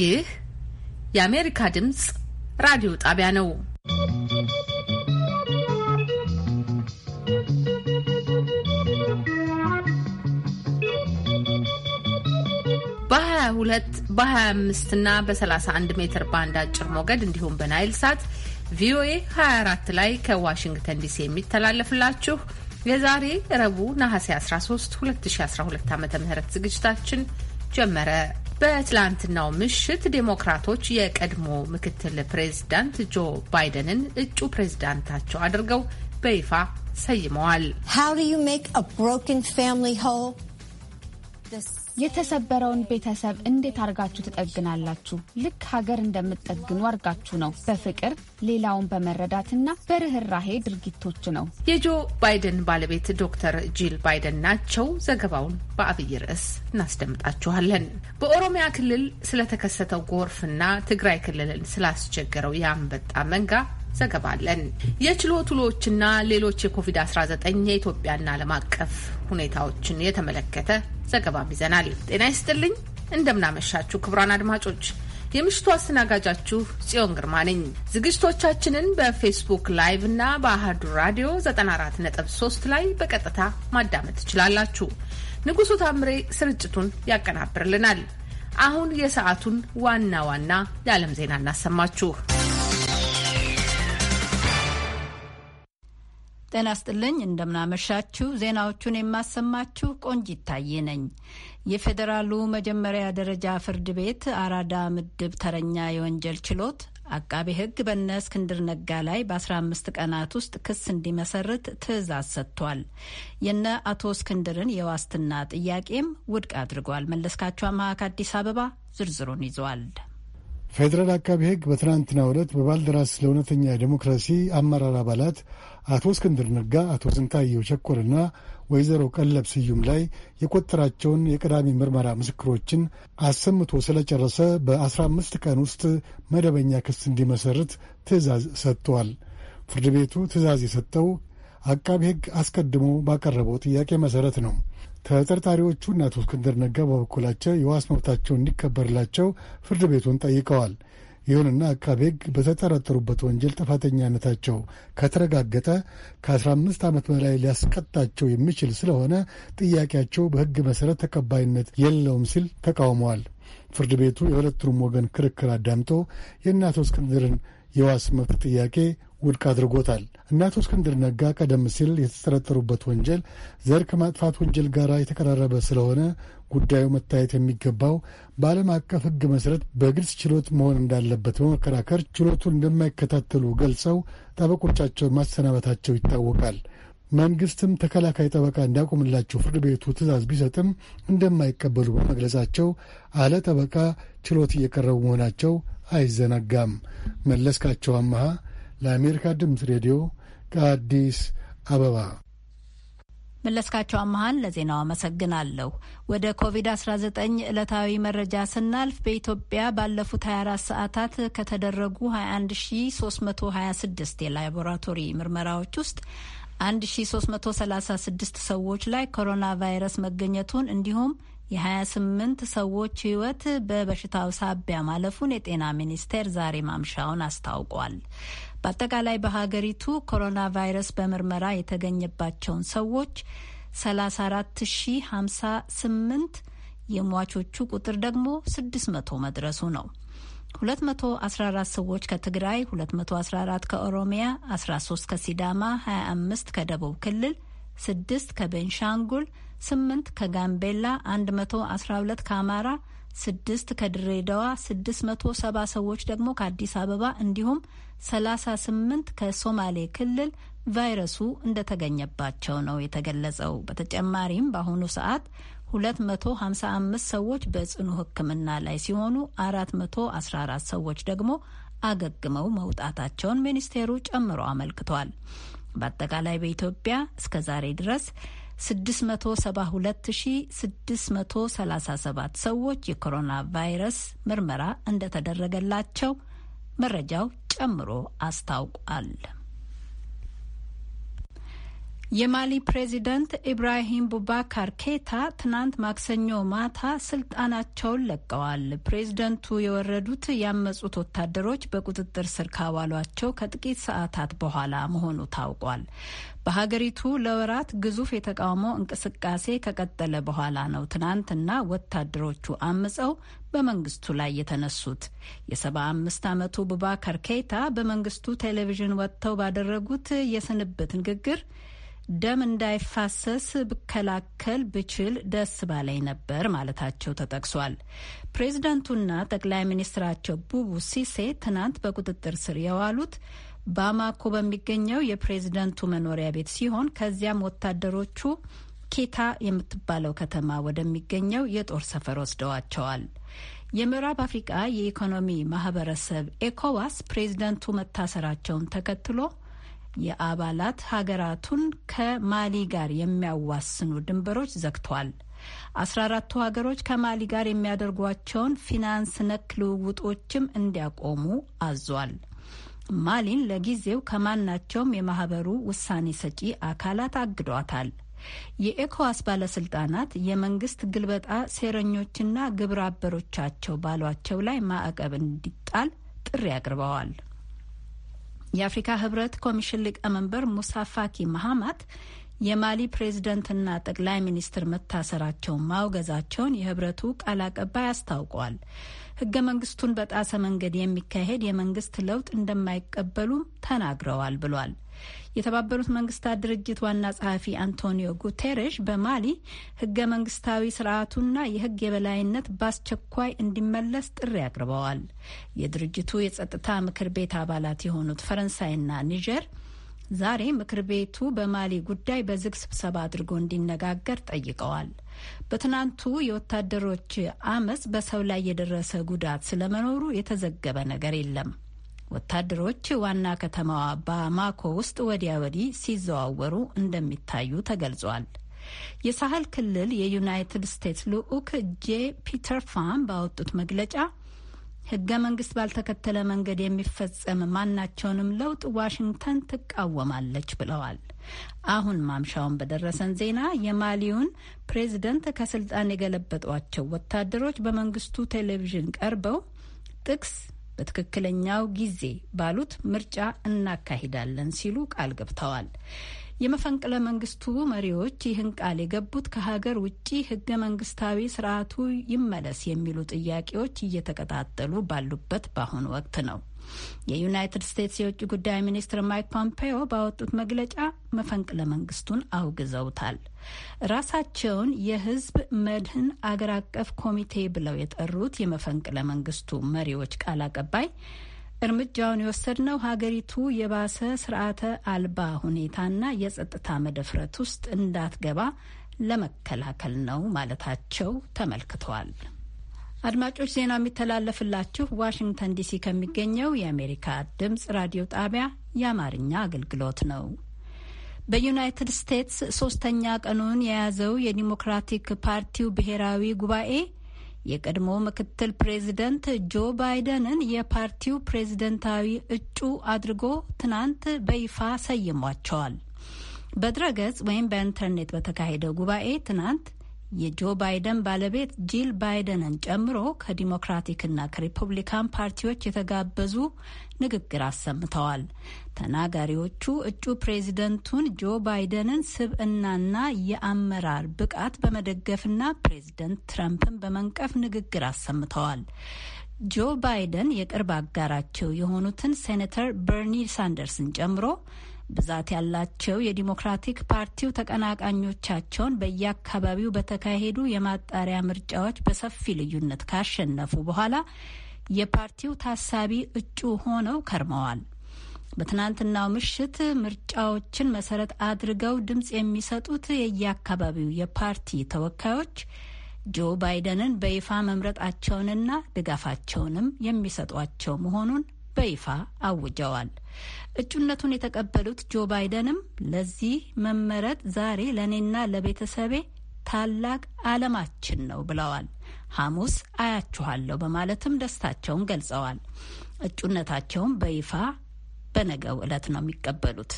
ይህ የአሜሪካ ድምፅ ራዲዮ ጣቢያ ነው። በ22 በ25 እና በ31 ሜትር ባንድ አጭር ሞገድ እንዲሁም በናይል ሳት ቪኦኤ 24 ላይ ከዋሽንግተን ዲሲ የሚተላለፍላችሁ የዛሬ ረቡዕ ነሐሴ 13 2012 ዓ ም ዝግጅታችን ጀመረ። በትላንትናው ምሽት ዴሞክራቶች የቀድሞ ምክትል ፕሬዝዳንት ጆ ባይደንን እጩ ፕሬዝዳንታቸው አድርገው በይፋ ሰይመዋል። የተሰበረውን ቤተሰብ እንዴት አርጋችሁ ትጠግናላችሁ? ልክ ሀገር እንደምትጠግኑ አርጋችሁ ነው። በፍቅር ሌላውን በመረዳትና በርህራሄ ድርጊቶች ነው። የጆ ባይደን ባለቤት ዶክተር ጂል ባይደን ናቸው። ዘገባውን በአብይ ርዕስ እናስደምጣችኋለን። በኦሮሚያ ክልል ስለተከሰተው ጎርፍና ትግራይ ክልልን ስላስቸገረው የአንበጣ መንጋ ዘገባ አለን። የችሎት ውሎችና ሌሎች የኮቪድ-19 የኢትዮጵያና ዓለም አቀፍ ሁኔታዎችን የተመለከተ ዘገባም ይዘናል። ጤና ይስጥልኝ፣ እንደምናመሻችሁ ክቡራን አድማጮች የምሽቱ አስተናጋጃችሁ ጽዮን ግርማ ነኝ። ዝግጅቶቻችንን በፌስቡክ ላይቭ እና በአህዱ ራዲዮ 94.3 ላይ በቀጥታ ማዳመጥ ትችላላችሁ። ንጉሱ ታምሬ ስርጭቱን ያቀናብርልናል። አሁን የሰዓቱን ዋና ዋና የዓለም ዜና እናሰማችሁ። ጤና ስጥልኝ እንደምናመሻችሁ። ዜናዎቹን የማሰማችሁ ቆንጅ ይታየ ነኝ። የፌዴራሉ መጀመሪያ ደረጃ ፍርድ ቤት አራዳ ምድብ ተረኛ የወንጀል ችሎት አቃቤ ሕግ በነ እስክንድር ነጋ ላይ በ15 ቀናት ውስጥ ክስ እንዲመሰርት ትዕዛዝ ሰጥቷል። የነ አቶ እስክንድርን የዋስትና ጥያቄም ውድቅ አድርጓል። መለስካቸው አምሃ ከአዲስ አበባ ዝርዝሩን ይዟል። ፌዴራል አቃቢ ሕግ በትናንትናው ዕለት በባልደራስ ለእውነተኛ ዴሞክራሲ አመራር አባላት አቶ እስክንድር ነጋ፣ አቶ ስንታየው ቸኮልና ወይዘሮ ቀለብ ስዩም ላይ የቆጠራቸውን የቀዳሚ ምርመራ ምስክሮችን አሰምቶ ስለጨረሰ በ አምስት ቀን ውስጥ መደበኛ ክስ እንዲመሰርት ትዕዛዝ ሰጥቷል። ፍርድ ቤቱ ትዕዛዝ የሰጠው አቃቢ ሕግ አስቀድሞ ባቀረበው ጥያቄ መሠረት ነው። ተጠርጣሪዎቹ እና አቶ እስክንድር ነጋ በበኩላቸው የዋስ መብታቸው እንዲከበርላቸው ፍርድ ቤቱን ጠይቀዋል። ይሁንና አቃቤ ሕግ በተጠረጠሩበት ወንጀል ጥፋተኛነታቸው ከተረጋገጠ ከ15 ዓመት በላይ ሊያስቀጣቸው የሚችል ስለሆነ ጥያቄያቸው በሕግ መሠረት ተቀባይነት የለውም ሲል ተቃውመዋል። ፍርድ ቤቱ የሁለቱንም ወገን ክርክር አዳምጦ የእነ አቶ እስክንድርን የዋስ መብት ጥያቄ ውድቅ አድርጎታል። እና አቶ እስክንድር ነጋ ቀደም ሲል የተጠረጠሩበት ወንጀል ዘር ከማጥፋት ወንጀል ጋር የተቀራረበ ስለሆነ ጉዳዩ መታየት የሚገባው በዓለም አቀፍ ሕግ መሠረት በግልጽ ችሎት መሆን እንዳለበት በመከራከር ችሎቱን እንደማይከታተሉ ገልጸው ጠበቆቻቸውን ማሰናበታቸው ይታወቃል። መንግስትም ተከላካይ ጠበቃ እንዲያቆምላቸው ፍርድ ቤቱ ትእዛዝ ቢሰጥም እንደማይቀበሉ በመግለጻቸው አለ ጠበቃ ችሎት እየቀረቡ መሆናቸው አይዘነጋም። መለስካቸው አመሃ ለአሜሪካ ድምፅ ሬዲዮ ከአዲስ አበባ መለስካቸው አመሃን ለዜናው አመሰግናለሁ። ወደ ኮቪድ-19 ዕለታዊ መረጃ ስናልፍ በኢትዮጵያ ባለፉት 24 ሰዓታት ከተደረጉ 21326 የላቦራቶሪ ምርመራዎች ውስጥ 1336 ሰዎች ላይ ኮሮና ቫይረስ መገኘቱን እንዲሁም የ28 ሰዎች ሕይወት በበሽታው ሳቢያ ማለፉን የጤና ሚኒስቴር ዛሬ ማምሻውን አስታውቋል። በአጠቃላይ በሀገሪቱ ኮሮና ቫይረስ በምርመራ የተገኘባቸውን ሰዎች 34058 የሟቾቹ ቁጥር ደግሞ 600 መድረሱ ነው። 214 ሰዎች ከትግራይ፣ 214 ከኦሮሚያ፣ 13 ከሲዳማ፣ 25 ከደቡብ ክልል፣ 6 ከቤንሻንጉል፣ 8 ከጋምቤላ፣ 112 ከአማራ ስድስት ከድሬዳዋ፣ ስድስት መቶ ሰባ ሰዎች ደግሞ ከአዲስ አበባ እንዲሁም ሰላሳ ስምንት ከሶማሌ ክልል ቫይረሱ እንደተገኘባቸው ነው የተገለጸው። በተጨማሪም በአሁኑ ሰዓት 255 ሰዎች በጽኑ ሕክምና ላይ ሲሆኑ 414 ሰዎች ደግሞ አገግመው መውጣታቸውን ሚኒስቴሩ ጨምሮ አመልክቷል። በአጠቃላይ በኢትዮጵያ እስከ ዛሬ ድረስ 672637 ሰዎች የኮሮና ቫይረስ ምርመራ እንደተደረገላቸው መረጃው ጨምሮ አስታውቋል። የማሊ ፕሬዚደንት ኢብራሂም ቡባካር ኬታ ትናንት ማክሰኞ ማታ ስልጣናቸውን ለቀዋል። ፕሬዚደንቱ የወረዱት ያመጹት ወታደሮች በቁጥጥር ስር ካዋሏቸው ከጥቂት ሰዓታት በኋላ መሆኑ ታውቋል። በሀገሪቱ ለወራት ግዙፍ የተቃውሞ እንቅስቃሴ ከቀጠለ በኋላ ነው ትናንትና ወታደሮቹ አምፀው በመንግስቱ ላይ የተነሱት። የሰባ አምስት ዓመቱ ቡባካር ኬታ በመንግስቱ ቴሌቪዥን ወጥተው ባደረጉት የስንብት ንግግር ደም እንዳይፋሰስ ብከላከል ብችል ደስ ባለኝ ነበር ማለታቸው ተጠቅሷል። ፕሬዝደንቱና ጠቅላይ ሚኒስትራቸው ቡቡ ሲሴ ትናንት በቁጥጥር ስር የዋሉት ባማኮ በሚገኘው የፕሬዝደንቱ መኖሪያ ቤት ሲሆን ከዚያም ወታደሮቹ ኬታ የምትባለው ከተማ ወደሚገኘው የጦር ሰፈር ወስደዋቸዋል። የምዕራብ አፍሪቃ የኢኮኖሚ ማህበረሰብ ኤኮዋስ ፕሬዝደንቱ መታሰራቸውን ተከትሎ የአባላት ሀገራቱን ከማሊ ጋር የሚያዋስኑ ድንበሮች ዘግቷል። አስራ አራቱ ሀገሮች ከማሊ ጋር የሚያደርጓቸውን ፊናንስ ነክ ልውውጦችም እንዲያቆሙ አዟል። ማሊን ለጊዜው ከማናቸውም የማህበሩ ውሳኔ ሰጪ አካላት አግዷታል። የኤኮዋስ ባለስልጣናት የመንግስት ግልበጣ ሴረኞችና ግብረ አበሮቻቸው ባሏቸው ላይ ማዕቀብ እንዲጣል ጥሪ አቅርበዋል። የአፍሪካ ህብረት ኮሚሽን ሊቀመንበር ሙሳ ፋኪ መሀማት የማሊ ፕሬዝደንትና ጠቅላይ ሚኒስትር መታሰራቸውን ማውገዛቸውን የህብረቱ ቃል አቀባይ አስታውቀዋል። ህገ መንግስቱን በጣሰ መንገድ የሚካሄድ የመንግስት ለውጥ እንደማይቀበሉም ተናግረዋል ብሏል። የተባበሩት መንግስታት ድርጅት ዋና ጸሐፊ አንቶኒዮ ጉቴሬሽ በማሊ ህገ መንግስታዊ ስርዓቱና የህግ የበላይነት በአስቸኳይ እንዲመለስ ጥሪ አቅርበዋል። የድርጅቱ የጸጥታ ምክር ቤት አባላት የሆኑት ፈረንሳይና ኒጀር ዛሬ ምክር ቤቱ በማሊ ጉዳይ በዝግ ስብሰባ አድርጎ እንዲነጋገር ጠይቀዋል። በትናንቱ የወታደሮች አመፅ በሰው ላይ የደረሰ ጉዳት ስለመኖሩ የተዘገበ ነገር የለም። ወታደሮች ዋና ከተማዋ ባማኮ ውስጥ ወዲያ ወዲህ ሲዘዋወሩ እንደሚታዩ ተገልጿል። የሳህል ክልል የዩናይትድ ስቴትስ ልዑክ ጄ ፒተር ፋም ባወጡት መግለጫ ሕገ መንግስት ባልተከተለ መንገድ የሚፈጸም ማናቸውንም ለውጥ ዋሽንግተን ትቃወማለች ብለዋል። አሁን ማምሻውን በደረሰን ዜና የማሊውን ፕሬዝደንት ከስልጣን የገለበጧቸው ወታደሮች በመንግስቱ ቴሌቪዥን ቀርበው ጥቅስ በትክክለኛው ጊዜ ባሉት ምርጫ እናካሂዳለን ሲሉ ቃል ገብተዋል። የመፈንቅለ መንግስቱ መሪዎች ይህን ቃል የገቡት ከሀገር ውጭ ህገ መንግስታዊ ስርዓቱ ይመለስ የሚሉ ጥያቄዎች እየተቀጣጠሉ ባሉበት በአሁኑ ወቅት ነው። የዩናይትድ ስቴትስ የውጭ ጉዳይ ሚኒስትር ማይክ ፖምፔዮ ባወጡት መግለጫ መፈንቅለ መንግስቱን አውግዘውታል። ራሳቸውን የህዝብ መድህን አገር አቀፍ ኮሚቴ ብለው የጠሩት የመፈንቅለ መንግስቱ መሪዎች ቃል አቀባይ እርምጃውን የወሰድነው ሀገሪቱ የባሰ ስርዓተ አልባ ሁኔታና የጸጥታ መደፍረት ውስጥ እንዳትገባ ለመከላከል ነው ማለታቸው ተመልክተዋል። አድማጮች ዜና የሚተላለፍላችሁ ዋሽንግተን ዲሲ ከሚገኘው የአሜሪካ ድምጽ ራዲዮ ጣቢያ የአማርኛ አገልግሎት ነው። በዩናይትድ ስቴትስ ሶስተኛ ቀኑን የያዘው የዲሞክራቲክ ፓርቲው ብሔራዊ ጉባኤ የቀድሞ ምክትል ፕሬዚደንት ጆ ባይደንን የፓርቲው ፕሬዝደንታዊ እጩ አድርጎ ትናንት በይፋ ሰይሟቸዋል። በድረገጽ ወይም በኢንተርኔት በተካሄደው ጉባኤ ትናንት የጆ ባይደን ባለቤት ጂል ባይደንን ጨምሮ ከዲሞክራቲክና ከሪፐብሊካን ፓርቲዎች የተጋበዙ ንግግር አሰምተዋል። ተናጋሪዎቹ እጩ ፕሬዚደንቱን ጆ ባይደንን ስብዕናና የአመራር ብቃት በመደገፍና ፕሬዚደንት ትራምፕን በመንቀፍ ንግግር አሰምተዋል። ጆ ባይደን የቅርብ አጋራቸው የሆኑትን ሴኔተር በርኒ ሳንደርስን ጨምሮ ብዛት ያላቸው የዲሞክራቲክ ፓርቲው ተቀናቃኞቻቸውን በየአካባቢው በተካሄዱ የማጣሪያ ምርጫዎች በሰፊ ልዩነት ካሸነፉ በኋላ የፓርቲው ታሳቢ እጩ ሆነው ከርመዋል። በትናንትናው ምሽት ምርጫዎችን መሰረት አድርገው ድምፅ የሚሰጡት የየአካባቢው የፓርቲ ተወካዮች ጆ ባይደንን በይፋ መምረጣቸውንና ድጋፋቸውንም የሚሰጧቸው መሆኑን በይፋ አውጀዋል። እጩነቱን የተቀበሉት ጆ ባይደንም ለዚህ መመረጥ ዛሬ ለእኔና ለቤተሰቤ ታላቅ ዓለማችን ነው ብለዋል። ሐሙስ አያችኋለሁ በማለትም ደስታቸውን ገልጸዋል። እጩነታቸውን በይፋ በነገው ዕለት ነው የሚቀበሉት።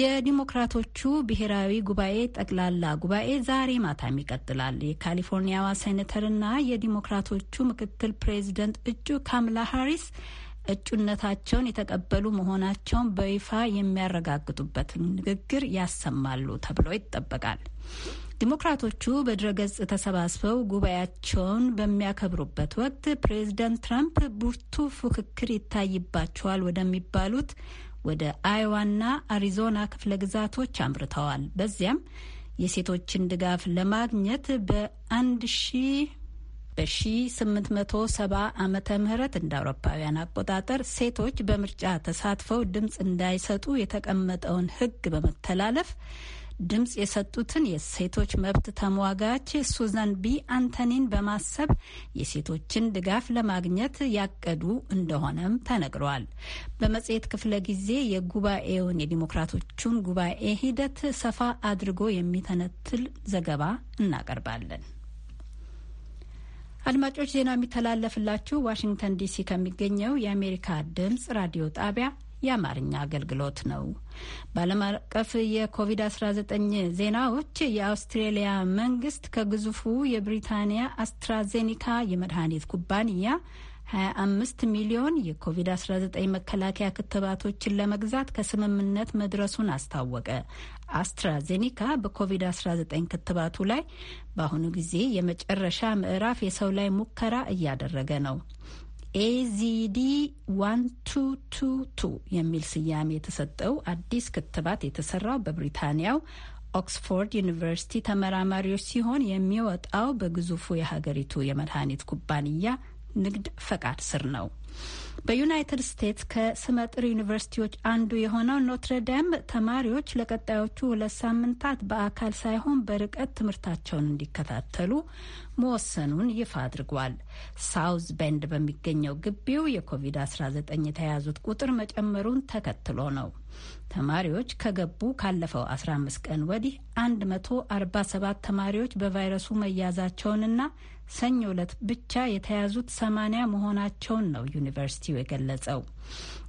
የዲሞክራቶቹ ብሔራዊ ጉባኤ ጠቅላላ ጉባኤ ዛሬ ማታም ይቀጥላል። የካሊፎርኒያዋ ሴኔተርና የዲሞክራቶቹ ምክትል ፕሬዚደንት እጩ ካምላ ሃሪስ እጩነታቸውን የተቀበሉ መሆናቸውን በይፋ የሚያረጋግጡበትን ንግግር ያሰማሉ ተብሎ ይጠበቃል። ዲሞክራቶቹ በድረገጽ ተሰባስበው ጉባኤያቸውን በሚያከብሩበት ወቅት ፕሬዝደንት ትራምፕ ብርቱ ፉክክር ይታይባቸዋል ወደሚባሉት ወደ አይዋና አሪዞና ክፍለ ግዛቶች አምርተዋል። በዚያም የሴቶችን ድጋፍ ለማግኘት በአንድ ሺህ በ1870 ዓመተ ምህረት እንደ አውሮፓውያን አቆጣጠር ሴቶች በምርጫ ተሳትፈው ድምፅ እንዳይሰጡ የተቀመጠውን ሕግ በመተላለፍ ድምፅ የሰጡትን የሴቶች መብት ተሟጋች ሱዛን ቢ አንተኒን በማሰብ የሴቶችን ድጋፍ ለማግኘት ያቀዱ እንደሆነም ተነግሯል። በመጽሔት ክፍለ ጊዜ የጉባኤውን የዲሞክራቶቹን ጉባኤ ሂደት ሰፋ አድርጎ የሚተነትል ዘገባ እናቀርባለን። አድማጮች ዜና የሚተላለፍላችሁ ዋሽንግተን ዲሲ ከሚገኘው የአሜሪካ ድምፅ ራዲዮ ጣቢያ የአማርኛ አገልግሎት ነው። በዓለም አቀፍ የኮቪድ-19 ዜናዎች የአውስትሬሊያ መንግስት ከግዙፉ የብሪታንያ አስትራዜኒካ የመድኃኒት ኩባንያ 25 ሚሊዮን የኮቪድ-19 መከላከያ ክትባቶችን ለመግዛት ከስምምነት መድረሱን አስታወቀ። አስትራዜኒካ በኮቪድ-19 ክትባቱ ላይ በአሁኑ ጊዜ የመጨረሻ ምዕራፍ የሰው ላይ ሙከራ እያደረገ ነው። ኤዚዲ 1222 የሚል ስያሜ የተሰጠው አዲስ ክትባት የተሰራው በብሪታንያው ኦክስፎርድ ዩኒቨርሲቲ ተመራማሪዎች ሲሆን የሚወጣው በግዙፉ የሀገሪቱ የመድኃኒት ኩባንያ ንግድ ፈቃድ ስር ነው። በዩናይትድ ስቴትስ ከስመጥር ዩኒቨርሲቲዎች አንዱ የሆነው ኖትረዳም ተማሪዎች ለቀጣዮቹ ሁለት ሳምንታት በአካል ሳይሆን በርቀት ትምህርታቸውን እንዲከታተሉ መወሰኑን ይፋ አድርጓል። ሳውዝ ቤንድ በሚገኘው ግቢው የኮቪድ-19 የተያዙት ቁጥር መጨመሩን ተከትሎ ነው። ተማሪዎች ከገቡ ካለፈው 15 ቀን ወዲህ 147 ተማሪዎች በቫይረሱ መያዛቸውንና ሰኞ ዕለት ብቻ የተያዙት ሰማኒያ መሆናቸውን ነው ዩኒቨርሲቲው የገለጸው።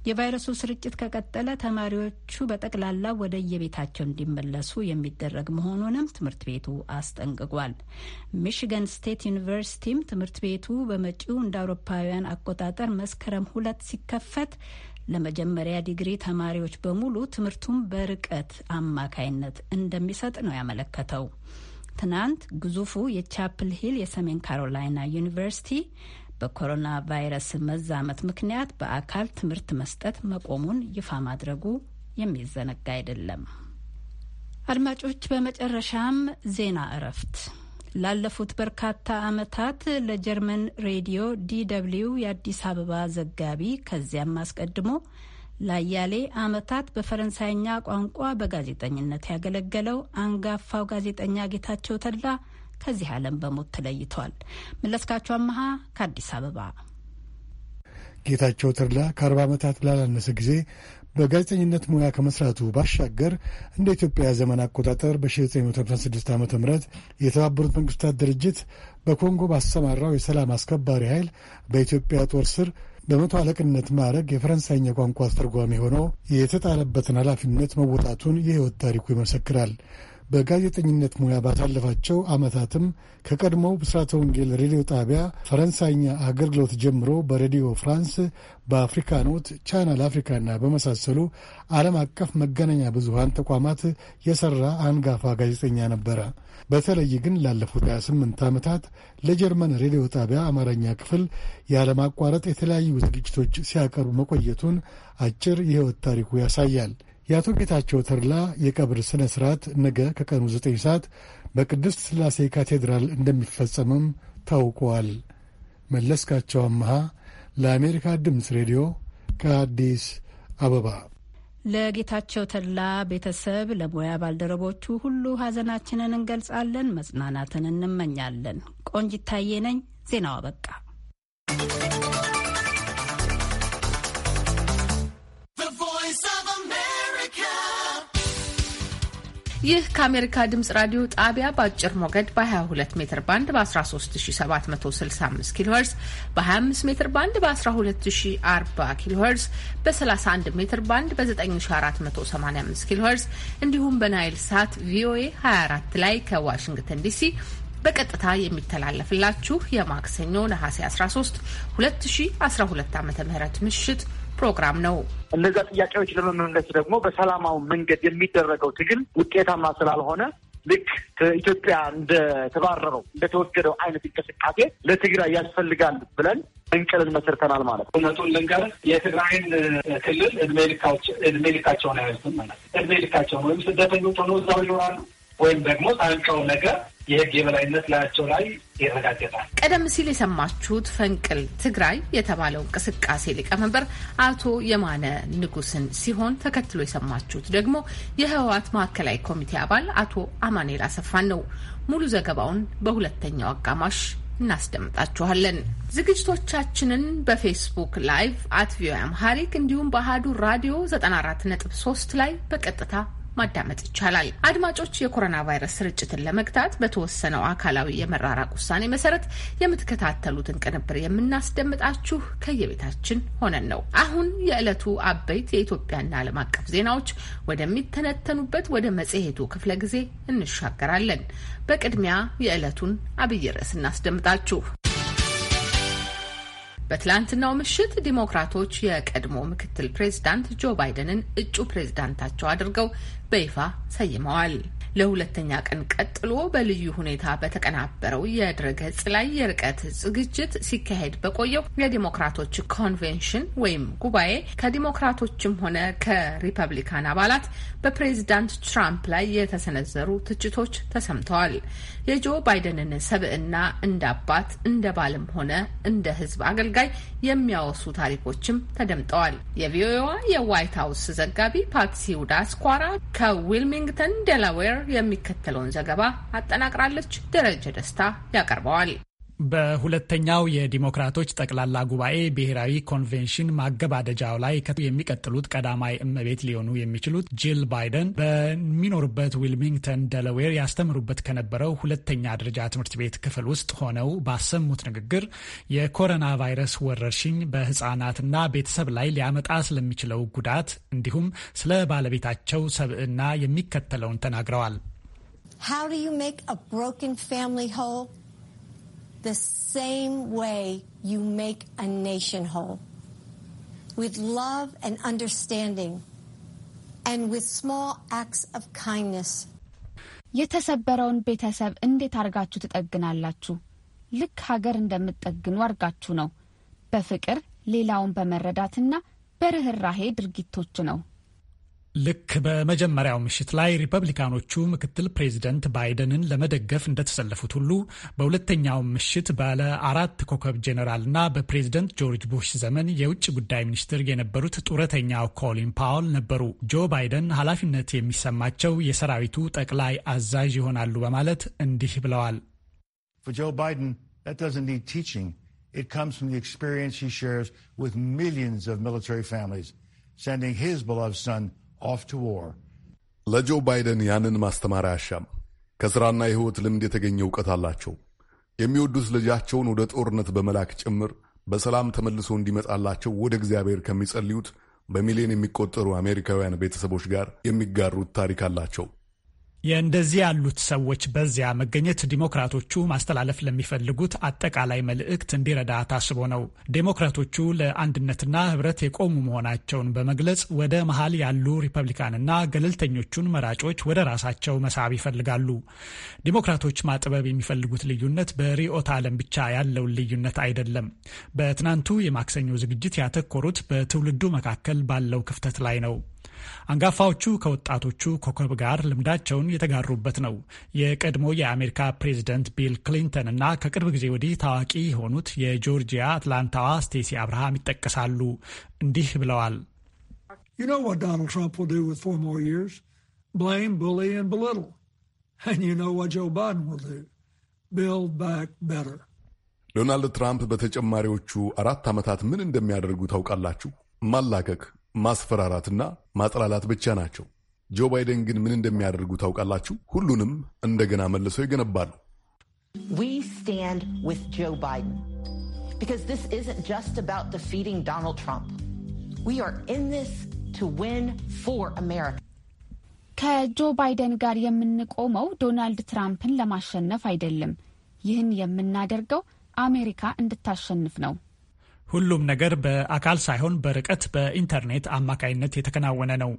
የቫይረሱ ስርጭት ከቀጠለ ተማሪዎቹ በጠቅላላ ወደ የቤታቸው እንዲመለሱ የሚደረግ መሆኑንም ትምህርት ቤቱ አስጠንቅቋል። ሚሽገን ስቴት ዩኒቨርሲቲም ትምህርት ቤቱ በመጪው እንደ አውሮፓውያን አቆጣጠር መስከረም ሁለት ሲከፈት ለመጀመሪያ ዲግሪ ተማሪዎች በሙሉ ትምህርቱን በርቀት አማካይነት እንደሚሰጥ ነው ያመለከተው። ትናንት ግዙፉ የቻፕል ሂል የሰሜን ካሮላይና ዩኒቨርሲቲ በኮሮና ቫይረስ መዛመት ምክንያት በአካል ትምህርት መስጠት መቆሙን ይፋ ማድረጉ የሚዘነጋ አይደለም። አድማጮች፣ በመጨረሻም ዜና እረፍት። ላለፉት በርካታ ዓመታት ለጀርመን ሬዲዮ ዲ ደብልዩ የአዲስ አበባ ዘጋቢ ከዚያም አስቀድሞ ለአያሌ ዓመታት በፈረንሳይኛ ቋንቋ በጋዜጠኝነት ያገለገለው አንጋፋው ጋዜጠኛ ጌታቸው ተድላ ከዚህ ዓለም በሞት ተለይቷል። መለስካቸው አመሃ ከአዲስ አበባ። ጌታቸው ተድላ ከአርባ ዓመታት ላላነሰ ጊዜ በጋዜጠኝነት ሙያ ከመስራቱ ባሻገር እንደ ኢትዮጵያ ዘመን አቆጣጠር በ1956 ዓ ም የተባበሩት መንግስታት ድርጅት በኮንጎ ባሰማራው የሰላም አስከባሪ ኃይል በኢትዮጵያ ጦር ስር በመቶ አለቅነት ማዕረግ የፈረንሳይኛ ቋንቋ አስተርጓሚ ሆኖ የተጣለበትን ኃላፊነት መወጣቱን የህይወት ታሪኩ ይመሰክራል። በጋዜጠኝነት ሙያ ባሳለፋቸው ዓመታትም ከቀድሞው ብስራተ ወንጌል ሬዲዮ ጣቢያ ፈረንሳይኛ አገልግሎት ጀምሮ በሬዲዮ ፍራንስ፣ በአፍሪካ ኖት፣ ቻናል አፍሪካና በመሳሰሉ ዓለም አቀፍ መገናኛ ብዙሃን ተቋማት የሠራ አንጋፋ ጋዜጠኛ ነበረ። በተለይ ግን ላለፉት 28 ዓመታት ለጀርመን ሬዲዮ ጣቢያ አማርኛ ክፍል ያለማቋረጥ የተለያዩ ዝግጅቶች ሲያቀርቡ መቆየቱን አጭር የሕይወት ታሪኩ ያሳያል። የአቶ ጌታቸው ተድላ የቀብር ስነ ስርዓት ነገ ከቀኑ 9 ሰዓት በቅድስት ስላሴ ካቴድራል እንደሚፈጸምም ታውቋል። መለስካቸው አመሃ ለአሜሪካ ድምፅ ሬዲዮ ከአዲስ አበባ። ለጌታቸው ተድላ ቤተሰብ፣ ለሙያ ባልደረቦቹ ሁሉ ሀዘናችንን እንገልጻለን፣ መጽናናትን እንመኛለን። ቆንጅታዬ ነኝ። ዜናው አበቃ። ይህ ከአሜሪካ ድምጽ ራዲዮ ጣቢያ በአጭር ሞገድ በ22 ሜትር ባንድ በ13765 ኪሎ ሄርዝ በ25 ሜትር ባንድ በ1240 ኪሎ ሄርዝ በ31 ሜትር ባንድ በ9485 ኪሎ ሄርዝ እንዲሁም በናይል ሳት ቪኦኤ 24 ላይ ከዋሽንግተን ዲሲ በቀጥታ የሚተላለፍላችሁ የማክሰኞ ነሐሴ 13 2012 ዓ ም ምሽት ፕሮግራም ነው። እነዛ ጥያቄዎች ለመመለስ ደግሞ በሰላማዊ መንገድ የሚደረገው ትግል ውጤታማ ስላልሆነ ልክ ከኢትዮጵያ እንደተባረረው እንደተወገደው አይነት እንቅስቃሴ ለትግራይ ያስፈልጋል ብለን እንቅልን መስርተናል ማለት ነው። እውነቱን ልንገር የትግራይን ክልል እድሜ ልካቸውን አያልፍም ማለት እድሜ ልካቸውን ወይም ስደተኞች ሆኖ እዛው ይኖራሉ ወይም ደግሞ ሳንቀው ነገር የህግ የበላይነት ላያቸው ላይ ይረጋገጣል። ቀደም ሲል የሰማችሁት ፈንቅል ትግራይ የተባለው እንቅስቃሴ ሊቀመንበር አቶ የማነ ንጉስን ሲሆን ተከትሎ የሰማችሁት ደግሞ የህወሓት ማዕከላዊ ኮሚቴ አባል አቶ አማኔል አሰፋን ነው። ሙሉ ዘገባውን በሁለተኛው አጋማሽ እናስደምጣችኋለን። ዝግጅቶቻችንን በፌስቡክ ላይቭ አት ቪኦኤ አምሃሪክ እንዲሁም በአህዱ ራዲዮ 94.3 ላይ በቀጥታ ማዳመጥ ይቻላል። አድማጮች፣ የኮሮና ቫይረስ ስርጭትን ለመግታት በተወሰነው አካላዊ የመራራቅ ውሳኔ መሰረት የምትከታተሉትን ቅንብር የምናስደምጣችሁ ከየቤታችን ሆነን ነው። አሁን የዕለቱ አበይት የኢትዮጵያና ዓለም አቀፍ ዜናዎች ወደሚተነተኑበት ወደ መጽሔቱ ክፍለ ጊዜ እንሻገራለን። በቅድሚያ የዕለቱን አብይ ርዕስ እናስደምጣችሁ። በትላንትናው ምሽት ዲሞክራቶች የቀድሞ ምክትል ፕሬዝዳንት ጆ ባይደንን እጩ ፕሬዝዳንታቸው አድርገው በይፋ ሰይመዋል። ለሁለተኛ ቀን ቀጥሎ በልዩ ሁኔታ በተቀናበረው የድረገጽ ላይ የርቀት ዝግጅት ሲካሄድ በቆየው የዲሞክራቶች ኮንቬንሽን ወይም ጉባኤ ከዲሞክራቶችም ሆነ ከሪፐብሊካን አባላት በፕሬዚዳንት ትራምፕ ላይ የተሰነዘሩ ትችቶች ተሰምተዋል። የጆ ባይደንን ሰብዕና እንደ አባት እንደ ባልም ሆነ እንደ ሕዝብ አገልጋይ የሚያወሱ ታሪኮችም ተደምጠዋል። የቪኦኤዋ የዋይት ሀውስ ዘጋቢ ፓትሲ ስኳራ ከዊልሚንግተን ዴላዌር የሚከተለውን ዘገባ አጠናቅራለች። ደረጀ ደስታ ያቀርበዋል። በሁለተኛው የዲሞክራቶች ጠቅላላ ጉባኤ ብሔራዊ ኮንቬንሽን ማገባደጃው ላይ የሚቀጥሉት ቀዳማይ እመቤት ሊሆኑ የሚችሉት ጂል ባይደን በሚኖሩበት ዊልሚንግተን ደለዌር ያስተምሩበት ከነበረው ሁለተኛ ደረጃ ትምህርት ቤት ክፍል ውስጥ ሆነው ባሰሙት ንግግር የኮሮና ቫይረስ ወረርሽኝ በህጻናትና ቤተሰብ ላይ ሊያመጣ ስለሚችለው ጉዳት እንዲሁም ስለ ባለቤታቸው ሰብዕና የሚከተለውን ተናግረዋል። How do you make a broken family whole? the same way you make a nation whole with love and understanding and with small acts of kindness. የተሰበረውን ቤተሰብ እንዴት አድርጋችሁ ትጠግናላችሁ? ልክ ሀገር እንደምትጠግኑ አድርጋችሁ ነው። በፍቅር ሌላውን በመረዳትና በርኅራሄ ድርጊቶች ነው። ልክ በመጀመሪያው ምሽት ላይ ሪፐብሊካኖቹ ምክትል ፕሬዚደንት ባይደንን ለመደገፍ እንደተሰለፉት ሁሉ በሁለተኛው ምሽት ባለ አራት ኮከብ ጄኔራልና በፕሬዚደንት ጆርጅ ቡሽ ዘመን የውጭ ጉዳይ ሚኒስትር የነበሩት ጡረተኛው ኮሊን ፓውል ነበሩ። ጆ ባይደን ኃላፊነት የሚሰማቸው የሰራዊቱ ጠቅላይ አዛዥ ይሆናሉ በማለት እንዲህ ብለዋል። ሚሊዮንስ ሚሊዮንስ ለጆ ባይደን ያንን ማስተማሪያ አያሻም። ከሥራና የሕይወት ልምድ የተገኘ እውቀት አላቸው። የሚወዱት ልጃቸውን ወደ ጦርነት በመላክ ጭምር በሰላም ተመልሶ እንዲመጣላቸው ወደ እግዚአብሔር ከሚጸልዩት በሚሊዮን የሚቆጠሩ አሜሪካውያን ቤተሰቦች ጋር የሚጋሩት ታሪክ አላቸው። የእንደዚህ ያሉት ሰዎች በዚያ መገኘት ዲሞክራቶቹ ማስተላለፍ ለሚፈልጉት አጠቃላይ መልእክት እንዲረዳ ታስቦ ነው። ዴሞክራቶቹ ለአንድነትና ህብረት የቆሙ መሆናቸውን በመግለጽ ወደ መሀል ያሉ ሪፐብሊካንና ገለልተኞቹን መራጮች ወደ ራሳቸው መሳብ ይፈልጋሉ። ዲሞክራቶች ማጥበብ የሚፈልጉት ልዩነት በርዕዮተ ዓለም ብቻ ያለውን ልዩነት አይደለም። በትናንቱ የማክሰኞ ዝግጅት ያተኮሩት በትውልዱ መካከል ባለው ክፍተት ላይ ነው። አንጋፋዎቹ ከወጣቶቹ ኮከብ ጋር ልምዳቸውን የተጋሩበት ነው። የቀድሞ የአሜሪካ ፕሬዚደንት ቢል ክሊንተን እና ከቅርብ ጊዜ ወዲህ ታዋቂ የሆኑት የጆርጂያ አትላንታዋ ስቴሲ አብርሃም ይጠቀሳሉ። እንዲህ ብለዋል። ዶናልድ ትራምፕ በተጨማሪዎቹ አራት ዓመታት ምን እንደሚያደርጉ ታውቃላችሁ። ማላቀቅ፣ ማስፈራራትና ማጥላላት ብቻ ናቸው። ጆ ባይደን ግን ምን እንደሚያደርጉ ታውቃላችሁ? ሁሉንም እንደገና መልሰው ይገነባሉ። ከጆ ባይደን ጋር የምንቆመው ዶናልድ ትራምፕን ለማሸነፍ አይደለም። ይህን የምናደርገው አሜሪካ እንድታሸንፍ ነው። ሁሉም ነገር በአካል ሳይሆን በርቀት በኢንተርኔት አማካይነት የተከናወነ ነው።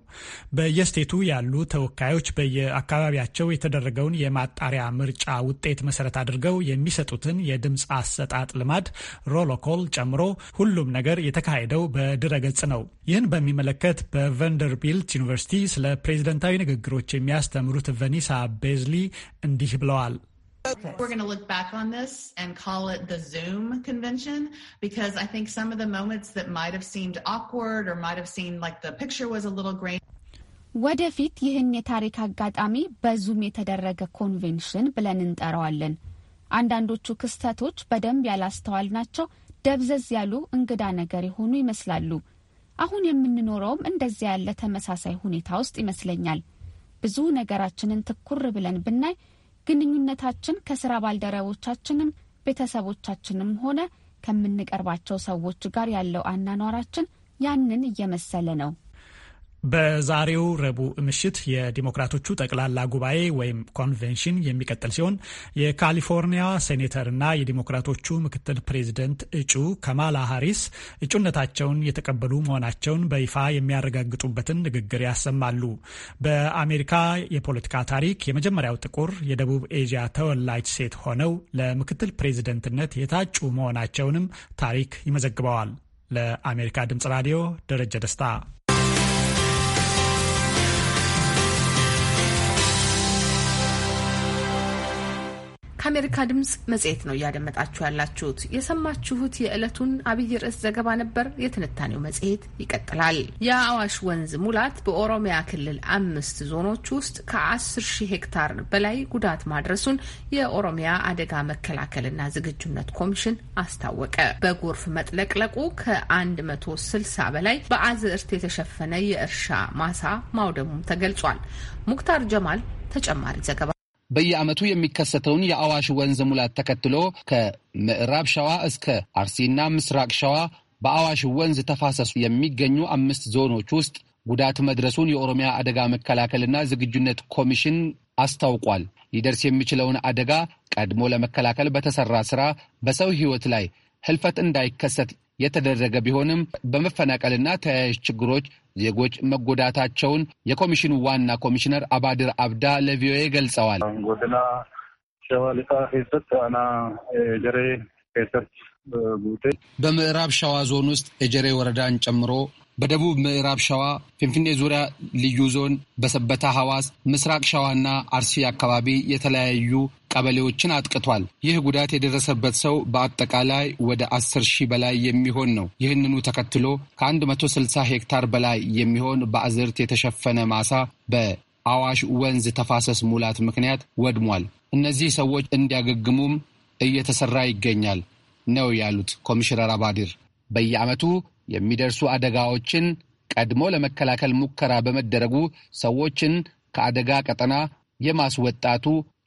በየስቴቱ ያሉ ተወካዮች በየአካባቢያቸው የተደረገውን የማጣሪያ ምርጫ ውጤት መሰረት አድርገው የሚሰጡትን የድምፅ አሰጣጥ ልማድ ሮሎኮል ጨምሮ ሁሉም ነገር የተካሄደው በድረገጽ ነው። ይህን በሚመለከት በቨንደርቢልት ዩኒቨርሲቲ ስለ ፕሬዝደንታዊ ንግግሮች የሚያስተምሩት ቨኒሳ ቤዝሊ እንዲህ ብለዋል። Okay. We're going to look back on this and call it the Zoom convention because I think some of the moments that might have seemed awkward or might have seemed like the picture was a little grainy. ወደፊት ይህን የታሪክ አጋጣሚ በዙም የተደረገ ኮንቬንሽን ብለን እንጠራዋለን። አንዳንዶቹ ክስተቶች በደንብ ያላስተዋል ናቸው፣ ደብዘዝ ያሉ እንግዳ ነገር የሆኑ ይመስላሉ። አሁን የምንኖረውም እንደዚያ ያለ ተመሳሳይ ሁኔታ ውስጥ ይመስለኛል። ብዙ ነገራችንን ትኩር ብለን ብናይ ግንኙነታችን ከስራ ባልደረቦቻችንም ቤተሰቦቻችንም ሆነ ከምንቀርባቸው ሰዎች ጋር ያለው አናኗራችን ያንን እየመሰለ ነው በዛሬው ረቡዕ ምሽት የዲሞክራቶቹ ጠቅላላ ጉባኤ ወይም ኮንቬንሽን የሚቀጥል ሲሆን የካሊፎርኒያ ሴኔተርና የዲሞክራቶቹ ምክትል ፕሬዚደንት እጩ ከማላ ሃሪስ እጩነታቸውን የተቀበሉ መሆናቸውን በይፋ የሚያረጋግጡበትን ንግግር ያሰማሉ። በአሜሪካ የፖለቲካ ታሪክ የመጀመሪያው ጥቁር የደቡብ ኤዥያ ተወላጅ ሴት ሆነው ለምክትል ፕሬዚደንትነት የታጩ መሆናቸውንም ታሪክ ይመዘግበዋል። ለአሜሪካ ድምጽ ራዲዮ ደረጀ ደስታ ከአሜሪካ ድምፅ መጽሔት ነው እያደመጣችሁ ያላችሁት። የሰማችሁት የዕለቱን አብይ ርዕስ ዘገባ ነበር። የትንታኔው መጽሔት ይቀጥላል። የአዋሽ ወንዝ ሙላት በኦሮሚያ ክልል አምስት ዞኖች ውስጥ ከ10 ሺህ ሄክታር በላይ ጉዳት ማድረሱን የኦሮሚያ አደጋ መከላከልና ዝግጁነት ኮሚሽን አስታወቀ። በጎርፍ መጥለቅለቁ ከ160 በላይ በአዝዕርት የተሸፈነ የእርሻ ማሳ ማውደሙም ተገልጿል። ሙክታር ጀማል ተጨማሪ ዘገባ በየዓመቱ የሚከሰተውን የአዋሽ ወንዝ ሙላት ተከትሎ ከምዕራብ ሸዋ እስከ አርሲና ምስራቅ ሸዋ በአዋሽ ወንዝ ተፋሰሱ የሚገኙ አምስት ዞኖች ውስጥ ጉዳት መድረሱን የኦሮሚያ አደጋ መከላከልና ዝግጁነት ኮሚሽን አስታውቋል። ሊደርስ የሚችለውን አደጋ ቀድሞ ለመከላከል በተሰራ ስራ በሰው ሕይወት ላይ ህልፈት እንዳይከሰት የተደረገ ቢሆንም በመፈናቀልና ተያያዥ ችግሮች ዜጎች መጎዳታቸውን የኮሚሽኑ ዋና ኮሚሽነር አባድር አብዳ ለቪኦኤ ገልጸዋል። በምዕራብ ሸዋ ዞን ውስጥ የጀሬ ወረዳን ጨምሮ በደቡብ ምዕራብ ሸዋ ፊንፊኔ ዙሪያ ልዩ ዞን በሰበታ ሐዋስ፣ ምስራቅ ሸዋና አርሲ አካባቢ የተለያዩ ቀበሌዎችን አጥቅቷል። ይህ ጉዳት የደረሰበት ሰው በአጠቃላይ ወደ 10 ሺህ በላይ የሚሆን ነው። ይህንኑ ተከትሎ ከ160 ሄክታር በላይ የሚሆን በአዝርት የተሸፈነ ማሳ በአዋሽ ወንዝ ተፋሰስ ሙላት ምክንያት ወድሟል። እነዚህ ሰዎች እንዲያገግሙም እየተሰራ ይገኛል ነው ያሉት ኮሚሽነር አባዲር። በየዓመቱ የሚደርሱ አደጋዎችን ቀድሞ ለመከላከል ሙከራ በመደረጉ ሰዎችን ከአደጋ ቀጠና የማስወጣቱ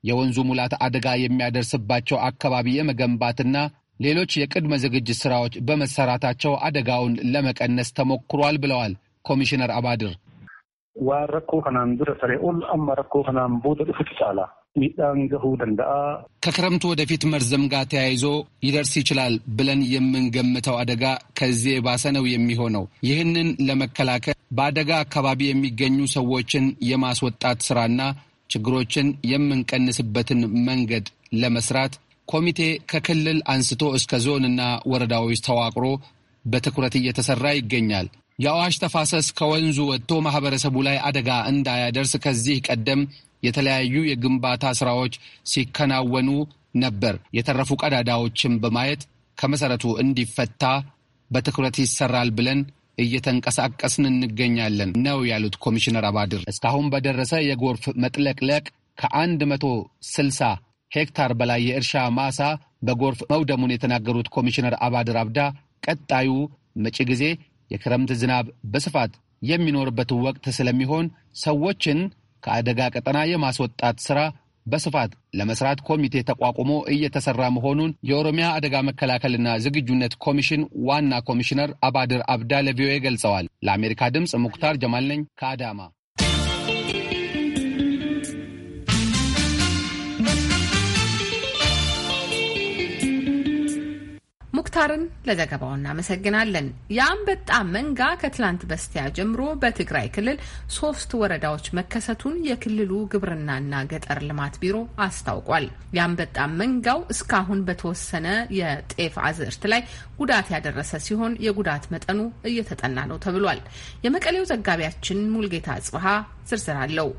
የወንዙ ሙላት አደጋ የሚያደርስባቸው አካባቢ የመገንባትና ሌሎች የቅድመ ዝግጅት ስራዎች በመሰራታቸው አደጋውን ለመቀነስ ተሞክሯል ብለዋል ኮሚሽነር አባድር። ዋን ረኮ ከናን ዱረ ተሬኡን አማ ረኮ ከናን ዱፍት ጫላ ሚዳን ገሁ ደንዳአ ከክረምቱ ወደፊት መርዘም ጋር ተያይዞ ይደርስ ይችላል ብለን የምንገምተው አደጋ ከዚህ የባሰ ነው የሚሆነው። ይህንን ለመከላከል በአደጋ አካባቢ የሚገኙ ሰዎችን የማስወጣት ስራና ችግሮችን የምንቀንስበትን መንገድ ለመስራት ኮሚቴ ከክልል አንስቶ እስከ ዞንና ወረዳዎች ተዋቅሮ በትኩረት እየተሰራ ይገኛል። የአዋሽ ተፋሰስ ከወንዙ ወጥቶ ማህበረሰቡ ላይ አደጋ እንዳያደርስ ከዚህ ቀደም የተለያዩ የግንባታ ስራዎች ሲከናወኑ ነበር። የተረፉ ቀዳዳዎችን በማየት ከመሰረቱ እንዲፈታ በትኩረት ይሰራል ብለን እየተንቀሳቀስን እንገኛለን ነው ያሉት ኮሚሽነር አባድር። እስካሁን በደረሰ የጎርፍ መጥለቅለቅ ከአንድ መቶ ስልሳ ሄክታር በላይ የእርሻ ማሳ በጎርፍ መውደሙን የተናገሩት ኮሚሽነር አባድር አብዳ ቀጣዩ መጪ ጊዜ የክረምት ዝናብ በስፋት የሚኖርበት ወቅት ስለሚሆን ሰዎችን ከአደጋ ቀጠና የማስወጣት ስራ በስፋት ለመስራት ኮሚቴ ተቋቁሞ እየተሰራ መሆኑን የኦሮሚያ አደጋ መከላከልና ዝግጁነት ኮሚሽን ዋና ኮሚሽነር አባድር አብዳ ለቪኦኤ ገልጸዋል። ለአሜሪካ ድምፅ ሙክታር ጀማል ነኝ ከአዳማ። ሙክታርን ለዘገባው እናመሰግናለን። የአንበጣ መንጋ ከትላንት በስቲያ ጀምሮ በትግራይ ክልል ሶስት ወረዳዎች መከሰቱን የክልሉ ግብርናና ገጠር ልማት ቢሮ አስታውቋል። የአንበጣ መንጋው እስካሁን በተወሰነ የጤፍ አዝዕርት ላይ ጉዳት ያደረሰ ሲሆን የጉዳት መጠኑ እየተጠና ነው ተብሏል። የመቀሌው ዘጋቢያችን ሙልጌታ ጽብሃ ዝርዝር አለው።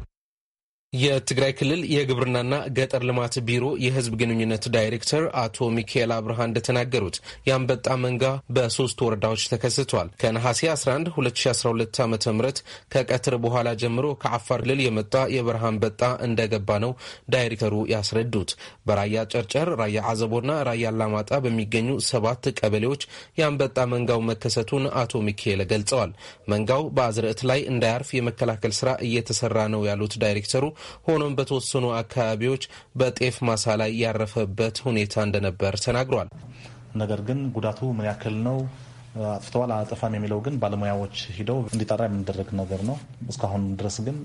የትግራይ ክልል የግብርናና ገጠር ልማት ቢሮ የህዝብ ግንኙነት ዳይሬክተር አቶ ሚካኤል አብርሃ እንደተናገሩት የአንበጣ መንጋ በሶስት ወረዳዎች ተከስቷል። ከነሐሴ 11 2012 ዓ ም ከቀትር በኋላ ጀምሮ ከአፋር ክልል የመጣ የበረሃ አንበጣ እንደገባ ነው ዳይሬክተሩ ያስረዱት። በራያ ጨርጨር፣ ራያ አዘቦና ራያ አላማጣ በሚገኙ ሰባት ቀበሌዎች የአንበጣ መንጋው መከሰቱን አቶ ሚካኤል ገልጸዋል። መንጋው በአዝርዕት ላይ እንዳያርፍ የመከላከል ስራ እየተሰራ ነው ያሉት ዳይሬክተሩ ሆኖም በተወሰኑ አካባቢዎች በጤፍ ማሳ ላይ ያረፈበት ሁኔታ እንደነበር ተናግሯል። ነገር ግን ጉዳቱ ምን ያክል ነው? አጥፍተዋል አጠፋም የሚለው ግን ባለሙያዎች ሂደው እንዲጠራ የምንደረግ ነገር ነው። እስካሁን ድረስ ግን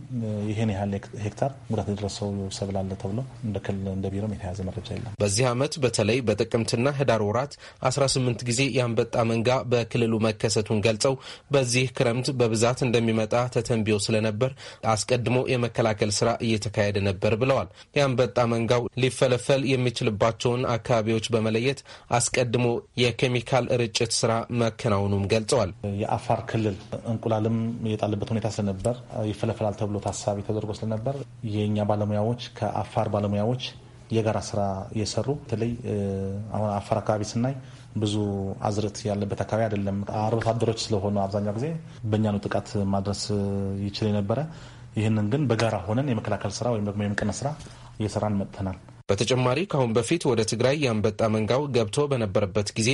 ይህን ያህል ሄክታር ጉዳት የደረሰው ሰብል አለ ተብሎ እንደ ክልል እንደ ቢሮም የተያዘ መረጃ የለም። በዚህ ዓመት በተለይ በጥቅምትና ህዳር ወራት 18 ጊዜ የአንበጣ መንጋ በክልሉ መከሰቱን ገልጸው በዚህ ክረምት በብዛት እንደሚመጣ ተተንብዮ ስለነበር አስቀድሞ የመከላከል ስራ እየተካሄደ ነበር ብለዋል። የአንበጣ መንጋው ሊፈለፈል የሚችልባቸውን አካባቢዎች በመለየት አስቀድሞ የኬሚካል ርጭት ስራ መ ማከናወኑም ገልጸዋል። የአፋር ክልል እንቁላልም የጣለበት ሁኔታ ስለነበር ይፈለፈላል ተብሎ ታሳቢ ተደርጎ ስለነበር የእኛ ባለሙያዎች ከአፋር ባለሙያዎች የጋራ ስራ እየሰሩ በተለይ አሁን አፋር አካባቢ ስናይ ብዙ አዝርት ያለበት አካባቢ አይደለም። አርብቶ አደሮች ስለሆኑ አብዛኛው ጊዜ በእኛ ነው ጥቃት ማድረስ ይችል የነበረ። ይህንን ግን በጋራ ሆነን የመከላከል ስራ ወይም ደግሞ የመቀነስ ስራ እየሰራን መጥተናል። በተጨማሪ ከአሁን በፊት ወደ ትግራይ የአንበጣ መንጋው ገብቶ በነበረበት ጊዜ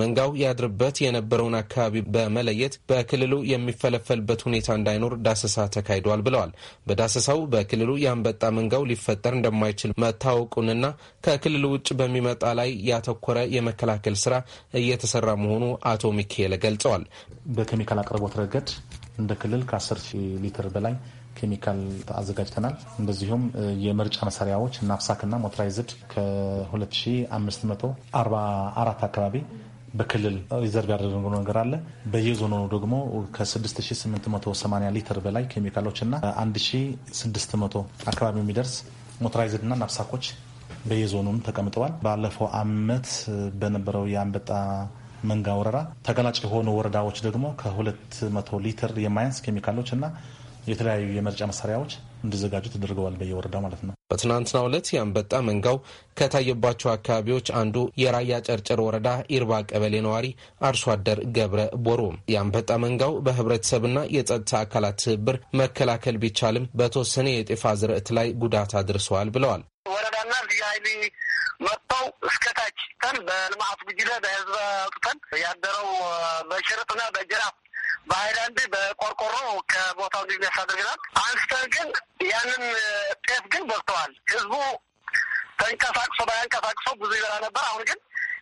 መንጋው ያድርበት የነበረውን አካባቢ በመለየት በክልሉ የሚፈለፈልበት ሁኔታ እንዳይኖር ዳሰሳ ተካሂዷል ብለዋል። በዳሰሳው በክልሉ የአንበጣ መንጋው ሊፈጠር እንደማይችል መታወቁንና ከክልሉ ውጭ በሚመጣ ላይ ያተኮረ የመከላከል ስራ እየተሰራ መሆኑ አቶ ሚካኤል ገልጸዋል። በኬሚካል አቅርቦት ረገድ እንደ ክልል ከ10 ሊትር በላይ ኬሚካል አዘጋጅተናል። እንደዚሁም የመርጫ መሳሪያዎች ናፍሳክና ሞተራይዝድ ከ2544 አካባቢ በክልል ሪዘርቭ ያደረገው ነገር አለ። በየዞኑ ደግሞ ከ6880 ሊትር በላይ ኬሚካሎችና 1600 አካባቢ የሚደርስ ሞተራይዝድ እና ናፍሳኮች በየዞኑም ተቀምጠዋል። ባለፈው አመት በነበረው የአንበጣ መንጋ ወረራ ተጋላጭ የሆኑ ወረዳዎች ደግሞ ከ200 ሊትር የማያንስ ኬሚካሎች እና የተለያዩ የመርጫ መሳሪያዎች እንዲዘጋጁ ተደርገዋል። በየወረዳ ማለት ነው። በትናንትናው ዕለት የአንበጣ መንጋው ከታየባቸው አካባቢዎች አንዱ የራያ ጨርጨር ወረዳ ኢርባ ቀበሌ ነዋሪ አርሶ አደር ገብረ ቦሮ የአንበጣ መንጋው በህብረተሰብና የጸጥታ አካላት ትብብር መከላከል ቢቻልም በተወሰነ የጤፍ አዝርዕት ላይ ጉዳት አድርሰዋል ብለዋል። ወረዳና ልዩ ኃይል መጥተው እስከታች ተን በልማት ጉጅለ በህዝብ አውጥተን ያደረው በሽርጥና በጅራፍ በሀይላንድ በቆርቆሮ ከቦታው እንዲነሳ አድርገናል። አንስተን ግን ያንን ጤፍ ግን በቅተዋል። ህዝቡ ተንቀሳቅሶ ባያንቀሳቅሶ ብዙ ይበላ ነበር። አሁን ግን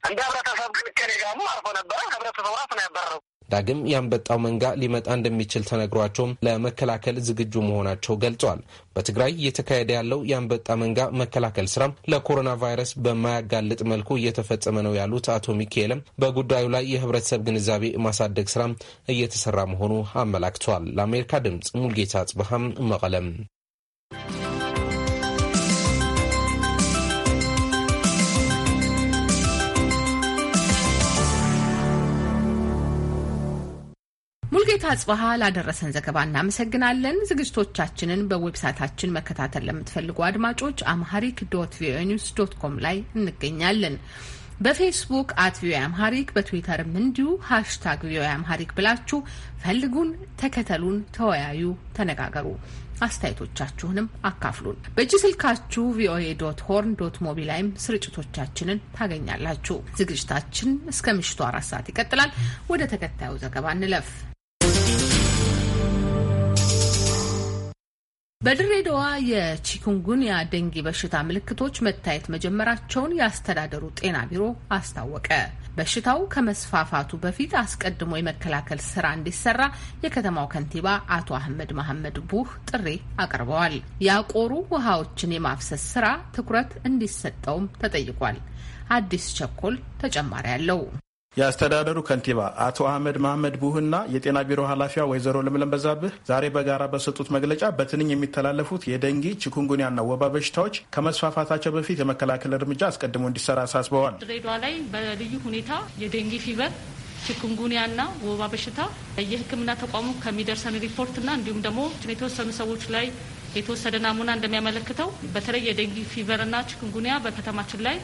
እንደ ህብረተሰብ ግን ቄኔጋሙ አርፎ ነበረ። ህብረተሰቡ ራሱ ነው ያበረረው። ዳግም የአንበጣው መንጋ ሊመጣ እንደሚችል ተነግሯቸውም ለመከላከል ዝግጁ መሆናቸው ገልጸዋል። በትግራይ እየተካሄደ ያለው የአንበጣ መንጋ መከላከል ስራም ለኮሮና ቫይረስ በማያጋልጥ መልኩ እየተፈጸመ ነው ያሉት አቶ ሚካኤልም በጉዳዩ ላይ የህብረተሰብ ግንዛቤ ማሳደግ ስራም እየተሰራ መሆኑ አመላክቷል። ለአሜሪካ ድምፅ ሙልጌታ ጽበሃም መቀለም ሙልጌታ አጽበሀ ላደረሰን ዘገባ እናመሰግናለን። ዝግጅቶቻችንን በዌብሳይታችን መከታተል ለምትፈልጉ አድማጮች አምሃሪክ ዶት ቪኦኤ ኒውስ ዶት ኮም ላይ እንገኛለን። በፌስቡክ አት ቪኦኤ አምሃሪክ በትዊተርም እንዲሁ ሃሽታግ ቪኦኤ አምሃሪክ ብላችሁ ፈልጉን፣ ተከተሉን፣ ተወያዩ፣ ተነጋገሩ። አስተያየቶቻችሁንም አካፍሉን። በእጅ ስልካችሁ ቪኦኤ ዶት ሆርን ዶት ሞቢ ላይም ስርጭቶቻችንን ታገኛላችሁ። ዝግጅታችን እስከ ምሽቱ አራት ሰዓት ይቀጥላል። ወደ ተከታዩ ዘገባ እንለፍ። በድሬዳዋ የቺኩንጉንያ ደንጌ በሽታ ምልክቶች መታየት መጀመራቸውን የአስተዳደሩ ጤና ቢሮ አስታወቀ። በሽታው ከመስፋፋቱ በፊት አስቀድሞ የመከላከል ስራ እንዲሰራ የከተማው ከንቲባ አቶ አህመድ መሐመድ ቡህ ጥሪ አቅርበዋል። ያቆሩ ውሃዎችን የማፍሰስ ስራ ትኩረት እንዲሰጠውም ተጠይቋል። አዲስ ቸኮል ተጨማሪ አለው። የአስተዳደሩ ከንቲባ አቶ አህመድ መሐመድ ቡህና የጤና ቢሮ ኃላፊዋ ወይዘሮ ለምለም በዛብህ ዛሬ በጋራ በሰጡት መግለጫ በትንኝ የሚተላለፉት የደንጊ ችኩንጉኒያና ወባ በሽታዎች ከመስፋፋታቸው በፊት የመከላከል እርምጃ አስቀድሞ እንዲሰራ አሳስበዋል። ድሬዳዋ ላይ በልዩ ሁኔታ የደንጊ ፊቨር ቺኩንጉኒያና ወባ በሽታ የሕክምና ተቋሙ ከሚደርሰን ሪፖርትና እንዲሁም ደግሞ የተወሰኑ ሰዎች ላይ የተወሰደ ናሙና እንደሚያመለክተው በተለይ የደንጊ ፊቨርና ችኩንጉኒያ በከተማችን ላይ